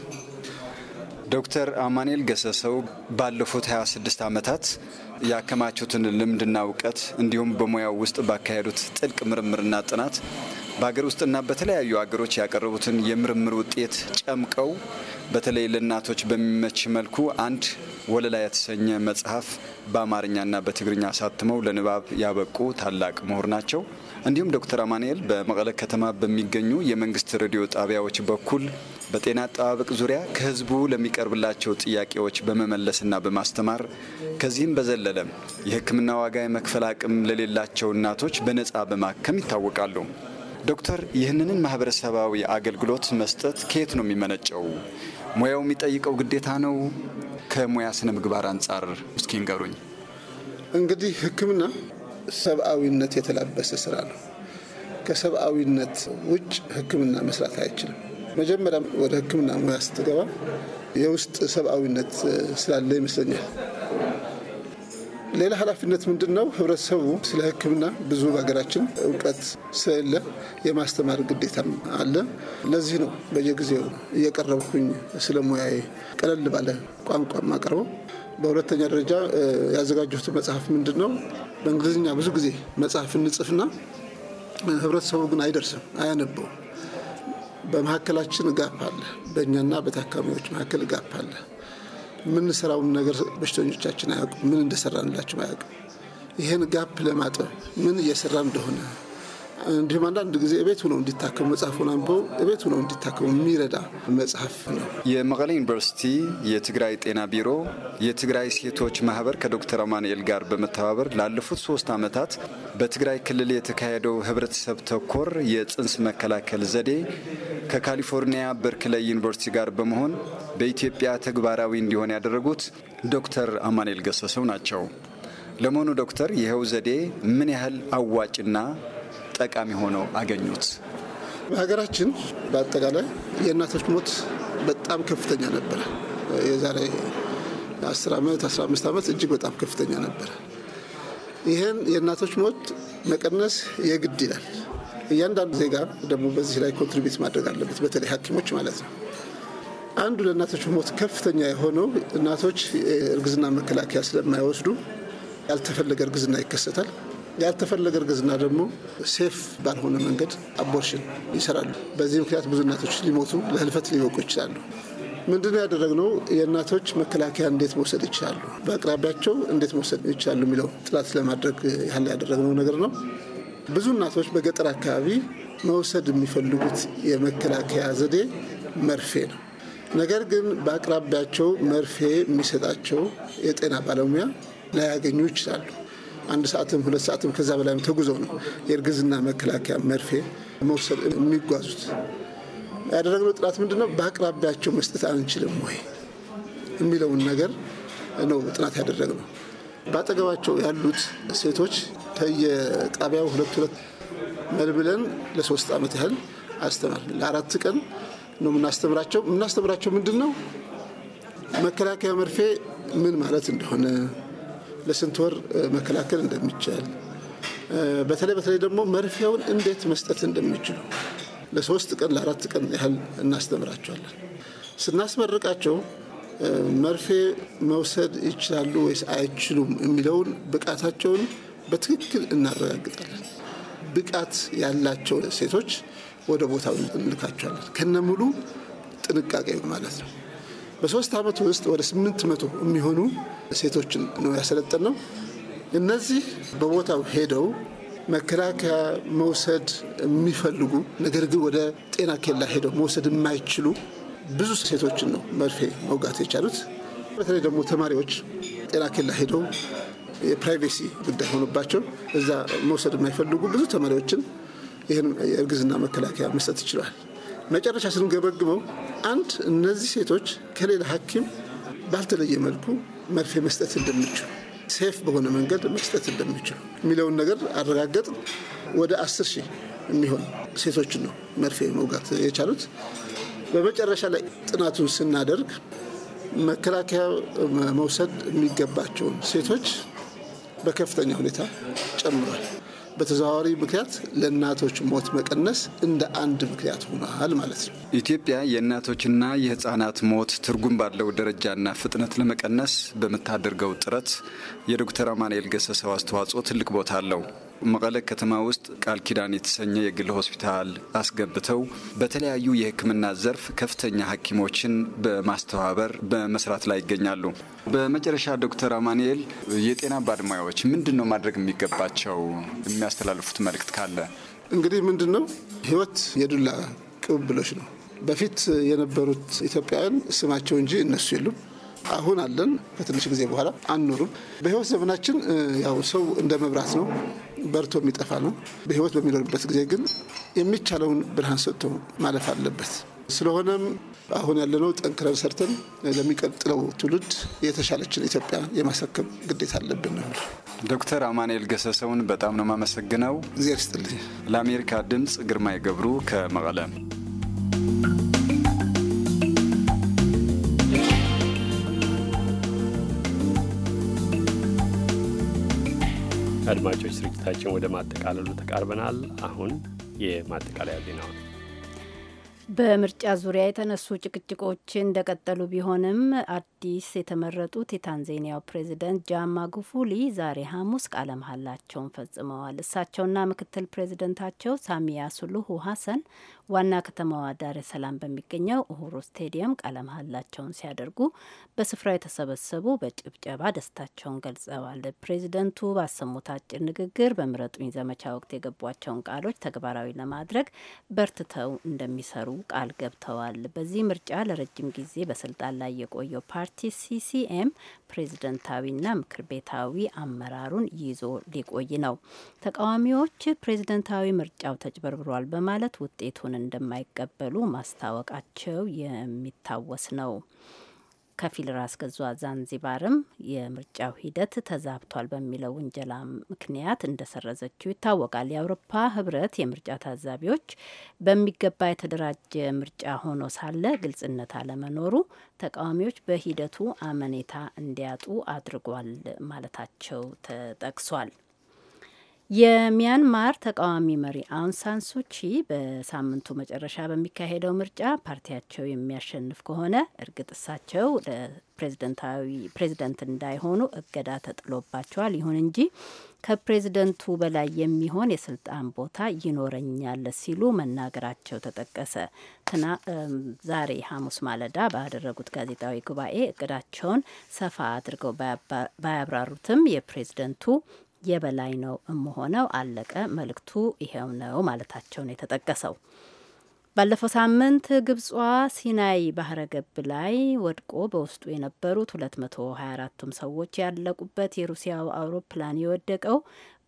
ዶክተር አማኔል ገሰሰው ባለፉት 26 ዓመታት ያከማቹትን ልምድና እውቀት እንዲሁም በሙያው ውስጥ ባካሄዱት ጥልቅ ምርምርና ጥናት በሀገር ውስጥና በተለያዩ ሀገሮች ያቀረቡትን የምርምር ውጤት ጨምቀው በተለይ ለእናቶች በሚመች መልኩ አንድ ወለላ የተሰኘ መጽሐፍ በአማርኛና በትግርኛ አሳትመው ለንባብ ያበቁ ታላቅ ምሁር ናቸው። እንዲሁም ዶክተር አማንኤል በመቀለ ከተማ በሚገኙ የመንግስት ሬዲዮ ጣቢያዎች በኩል በጤና አጠባበቅ ዙሪያ ከህዝቡ ለሚቀርብላቸው ጥያቄዎች በመመለስና በማስተማር ከዚህም በዘለለ የሕክምና ዋጋ የመክፈል አቅም ለሌላቸው እናቶች በነፃ በማከም ይታወቃሉ። ዶክተር ይህንን ማህበረሰባዊ አገልግሎት መስጠት ከየት ነው የሚመነጨው? ሙያው የሚጠይቀው ግዴታ ነው? ከሙያ ስነ ምግባር አንጻር እስኪ ንገሩኝ።
እንግዲህ ሕክምና ሰብአዊነት የተላበሰ ስራ ነው። ከሰብአዊነት ውጭ ሕክምና መስራት አይችልም። መጀመሪያ ወደ ሕክምና ሙያ ስትገባ የውስጥ ሰብአዊነት ስላለ ይመስለኛል ሌላ ኃላፊነት ምንድን ነው? ህብረተሰቡ ስለ ህክምና ብዙ በሀገራችን እውቀት ስለሌለ የማስተማር ግዴታም አለ። ለዚህ ነው በየጊዜው እየቀረብኩኝ ስለ ሙያዬ ቀለል ባለ ቋንቋ ማቀርበው። በሁለተኛ ደረጃ ያዘጋጀሁት መጽሐፍ ምንድን ነው? በእንግሊዝኛ ብዙ ጊዜ መጽሐፍ እንጽፍና ህብረተሰቡ ግን አይደርስም፣ አያነበው። በመካከላችን ጋፕ አለ፣ በእኛና በታካሚዎች መካከል ጋፕ አለ። የምንሰራውን ነገር በሽተኞቻችን አያውቁም። ምን እንደሰራንላቸው አያውቅም ይህን ጋፕ ለማጠብ ምን እየሰራ እንደሆነ እንዲሁም አንዳንድ ጊዜ እቤት ሆነው እንዲታከሙ መጽሐፉን አንበው እቤት ሆነው እንዲታከሙ የሚረዳ መጽሐፍ ነው።
የመቀሌ ዩኒቨርሲቲ የትግራይ ጤና ቢሮ፣ የትግራይ ሴቶች ማህበር ከዶክተር አማኑኤል ጋር በመተባበር ላለፉት ሶስት ዓመታት በትግራይ ክልል የተካሄደው ህብረተሰብ ተኮር የጽንስ መከላከል ዘዴ ከካሊፎርኒያ በርክላይ ዩኒቨርሲቲ ጋር በመሆን በኢትዮጵያ ተግባራዊ እንዲሆን ያደረጉት ዶክተር አማኔል ገሰሰው ናቸው። ለመሆኑ ዶክተር ይኸው ዘዴ ምን ያህል አዋጭና ጠቃሚ ሆነው አገኙት።
በሀገራችን በአጠቃላይ የእናቶች ሞት በጣም ከፍተኛ ነበረ። የዛሬ 10 ዓመት 15 ዓመት እጅግ በጣም ከፍተኛ ነበረ። ይህን የእናቶች ሞት መቀነስ የግድ ይላል። እያንዳንዱ ዜጋ ደግሞ በዚህ ላይ ኮንትሪቢዩት ማድረግ አለበት፣ በተለይ ሐኪሞች ማለት ነው። አንዱ ለእናቶች ሞት ከፍተኛ የሆነው እናቶች እርግዝና መከላከያ ስለማይወስዱ ያልተፈለገ እርግዝና ይከሰታል። ያልተፈለገ እርግዝና ደግሞ ሴፍ ባልሆነ መንገድ አቦርሽን ይሰራሉ። በዚህ ምክንያት ብዙ እናቶች ሊሞቱ ለህልፈት ሊበቁ ይችላሉ። ምንድን ነው ያደረግነው? የእናቶች መከላከያ እንዴት መውሰድ ይችላሉ፣ በአቅራቢያቸው እንዴት መውሰድ ይችላሉ የሚለው ጥናት ለማድረግ ያህል ያደረግነው ነገር ነው። ብዙ እናቶች በገጠር አካባቢ መውሰድ የሚፈልጉት የመከላከያ ዘዴ መርፌ ነው። ነገር ግን በአቅራቢያቸው መርፌ የሚሰጣቸው የጤና ባለሙያ ላያገኙ ይችላሉ። አንድ ሰዓትም ሁለት ሰዓትም ከዛ በላይም ተጉዞ ነው የእርግዝና መከላከያ መርፌ መውሰድ የሚጓዙት። ያደረግነው ጥናት ምንድነው ነው፣ በአቅራቢያቸው መስጠት አንችልም ወይ የሚለውን ነገር ነው ጥናት ያደረግነው። በአጠገባቸው ያሉት ሴቶች ከየጣቢያው ሁለት ሁለት መልብለን ለሶስት ዓመት ያህል አስተማር። ለአራት ቀን ነው የምናስተምራቸው። የምናስተምራቸው ምንድን ነው መከላከያ መርፌ ምን ማለት እንደሆነ ለስንት ወር መከላከል እንደሚቻል በተለይ በተለይ ደግሞ መርፊያውን እንዴት መስጠት እንደሚችሉ ለሶስት ቀን ለአራት ቀን ያህል እናስተምራቸዋለን። ስናስመርቃቸው መርፌ መውሰድ ይችላሉ ወይስ አይችሉም የሚለውን ብቃታቸውን በትክክል እናረጋግጣለን። ብቃት ያላቸው ሴቶች ወደ ቦታው እንልካቸዋለን ከነ ሙሉ ጥንቃቄ ማለት ነው። በሶስት ዓመት ውስጥ ወደ ስምንት መቶ የሚሆኑ ሴቶችን ነው ያሰለጠን ነው። እነዚህ በቦታው ሄደው መከላከያ መውሰድ የሚፈልጉ ነገር ግን ወደ ጤና ኬላ ሄደው መውሰድ የማይችሉ ብዙ ሴቶችን ነው መርፌ መውጋት የቻሉት። በተለይ ደግሞ ተማሪዎች ጤና ኬላ ሄደው የፕራይቬሲ ጉዳይ ሆኖባቸው እዛ መውሰድ የማይፈልጉ ብዙ ተማሪዎችን ይህን የእርግዝና መከላከያ መስጠት ይችላል። መጨረሻ ስንገበግበው አንድ እነዚህ ሴቶች ከሌላ ሐኪም ባልተለየ መልኩ መርፌ መስጠት እንደሚችሉ ሴፍ በሆነ መንገድ መስጠት እንደሚችሉ የሚለውን ነገር አረጋገጥ። ወደ አስር ሺህ የሚሆን ሴቶችን ነው መርፌ መውጋት የቻሉት። በመጨረሻ ላይ ጥናቱን ስናደርግ መከላከያ መውሰድ የሚገባቸውን ሴቶች በከፍተኛ ሁኔታ ጨምሯል። በተዘዋዋሪ ምክንያት ለእናቶች ሞት መቀነስ እንደ አንድ ምክንያት ሆኗል ማለት ነው።
ኢትዮጵያ የእናቶችና የህፃናት ሞት ትርጉም ባለው ደረጃና ፍጥነት ለመቀነስ በምታደርገው ጥረት የዶክተር አማንኤል ገሰሰው አስተዋጽኦ ትልቅ ቦታ አለው። መቀለ ከተማ ውስጥ ቃል ኪዳን የተሰኘ የግል ሆስፒታል አስገብተው በተለያዩ የሕክምና ዘርፍ ከፍተኛ ሐኪሞችን በማስተባበር በመስራት ላይ ይገኛሉ። በመጨረሻ ዶክተር አማንኤል የጤና ባለሙያዎች ምንድን ነው ማድረግ የሚገባቸው? የሚያስተላልፉት መልእክት
ካለ እንግዲህ ምንድን ነው? ህይወት የዱላ ቅብብሎች ነው። በፊት የነበሩት ኢትዮጵያውያን ስማቸው እንጂ እነሱ የሉም። አሁን አለን፣ ከትንሽ ጊዜ በኋላ አንኖሩም። በህይወት ዘመናችን ያው ሰው እንደ መብራት ነው። በርቶ የሚጠፋ ነው። በህይወት በሚኖርበት ጊዜ ግን የሚቻለውን ብርሃን ሰጥቶ ማለፍ አለበት። ስለሆነም አሁን ያለነው ጠንክረን ሰርተን ለሚቀጥለው ትውልድ የተሻለችን ኢትዮጵያ የማስረከብ ግዴታ አለብን ነው።
ዶክተር አማንኤል ገሰሰውን በጣም ነው የማመሰግነው። እግዜር ይስጥልኝ። ለአሜሪካ ድምፅ ግርማይ ገብሩ ከመቀለም።
አድማጮች ስርጭታችን ወደ ማጠቃለሉ ተቃርበናል። አሁን የማጠቃለያ ዜናው
በምርጫ ዙሪያ የተነሱ ጭቅጭቆች እንደቀጠሉ ቢሆንም አዲስ የተመረጡት የታንዛኒያው ፕሬዚደንት ጃን ማጉፉሊ ዛሬ ሐሙስ ቃለ መሐላቸውን ፈጽመዋል። እሳቸውና ምክትል ፕሬዚደንታቸው ሳሚያ ሱሉሁ ሀሰን ዋና ከተማዋ ዳሬ ሰላም በሚገኘው እሁሩ ስቴዲየም ቃለ መሀላቸውን ሲያደርጉ በስፍራው የተሰበሰቡ በጭብጨባ ደስታቸውን ገልጸዋል። ፕሬዚደንቱ ባሰሙት አጭር ንግግር በምረጡኝ ዘመቻ ወቅት የገቧቸውን ቃሎች ተግባራዊ ለማድረግ በርትተው እንደሚሰሩ ቃል ገብተዋል። በዚህ ምርጫ ለረጅም ጊዜ በስልጣን ላይ የቆየው ፓርቲ ሲሲኤም ፕሬዝደንታዊና ምክር ቤታዊ አመራሩን ይዞ ሊቆይ ነው። ተቃዋሚዎች ፕሬዝደንታዊ ምርጫው ተጭበርብሯል በማለት ውጤቱን እንደማይቀበሉ ማስታወቃቸው የሚታወስ ነው። ከፊል ራስ ገዟ ዛንዚባርም የምርጫው ሂደት ተዛብቷል በሚለው ውንጀላ ምክንያት እንደሰረዘችው ይታወቃል። የአውሮፓ ህብረት የምርጫ ታዛቢዎች በሚገባ የተደራጀ ምርጫ ሆኖ ሳለ ግልጽነት አለመኖሩ ተቃዋሚዎች በሂደቱ አመኔታ እንዲያጡ አድርጓል ማለታቸው ተጠቅሷል። የሚያንማር ተቃዋሚ መሪ አውንሳን ሱቺ በሳምንቱ መጨረሻ በሚካሄደው ምርጫ ፓርቲያቸው የሚያሸንፍ ከሆነ እርግጥ እሳቸው ፕሬዝደንታዊ ፕሬዝደንት እንዳይሆኑ እገዳ ተጥሎባቸዋል። ይሁን እንጂ ከፕሬዝደንቱ በላይ የሚሆን የስልጣን ቦታ ይኖረኛል ሲሉ መናገራቸው ተጠቀሰ። ዛሬ ሐሙስ ማለዳ ባደረጉት ጋዜጣዊ ጉባኤ እቅዳቸውን ሰፋ አድርገው ባያብራሩትም የፕሬዝደንቱ የበላይ ነው እምሆነው። አለቀ መልእክቱ ይሄው ነው ማለታቸውን የተጠቀሰው ባለፈው ሳምንት ግብጿ ሲናይ ባህረ ገብ ላይ ወድቆ በውስጡ የነበሩት 224ቱም ሰዎች ያለቁበት የሩሲያው አውሮፕላን የወደቀው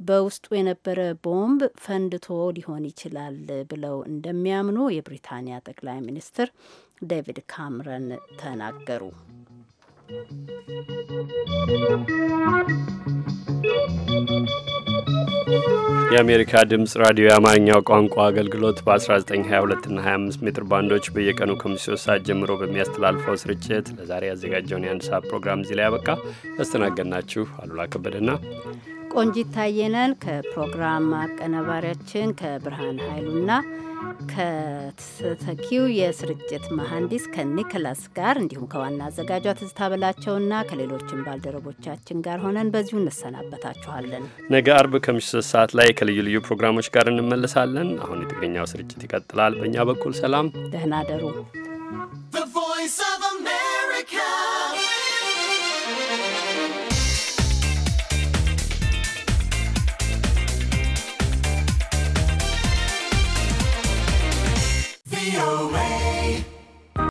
በውስጡ የነበረ ቦምብ ፈንድቶ ሊሆን ይችላል ብለው እንደሚያምኑ የብሪታንያ ጠቅላይ ሚኒስትር ዴቪድ ካምረን ተናገሩ።
የአሜሪካ ድምፅ ራዲዮ የአማርኛው ቋንቋ አገልግሎት በ1922 እና 25 ሜትር ባንዶች በየቀኑ ከምሽቱ ሰዓት ጀምሮ በሚያስተላልፈው ስርጭት ለዛሬ ያዘጋጀውን የአንድ ሰዓት ፕሮግራም እዚህ ላይ ያበቃ። ያስተናገድናችሁ አሉላ ከበደና
ቆንጂት ታየነን ከፕሮግራም አቀነባሪያችን ከብርሃን ኃይሉና ከተተኪው የስርጭት መሐንዲስ ከኒክላስ ጋር እንዲሁም ከዋና አዘጋጇ ትዝታ በላቸውና ከሌሎችም ባልደረቦቻችን ጋር ሆነን በዚሁ እንሰናበታችኋለን።
ነገ አርብ ከምሽቱ ሶስት ሰዓት ላይ ከልዩ ልዩ ፕሮግራሞች ጋር እንመለሳለን። አሁን የትግርኛው ስርጭት ይቀጥላል። በእኛ በኩል ሰላም፣ ደህና ደሩ።
Radio Man.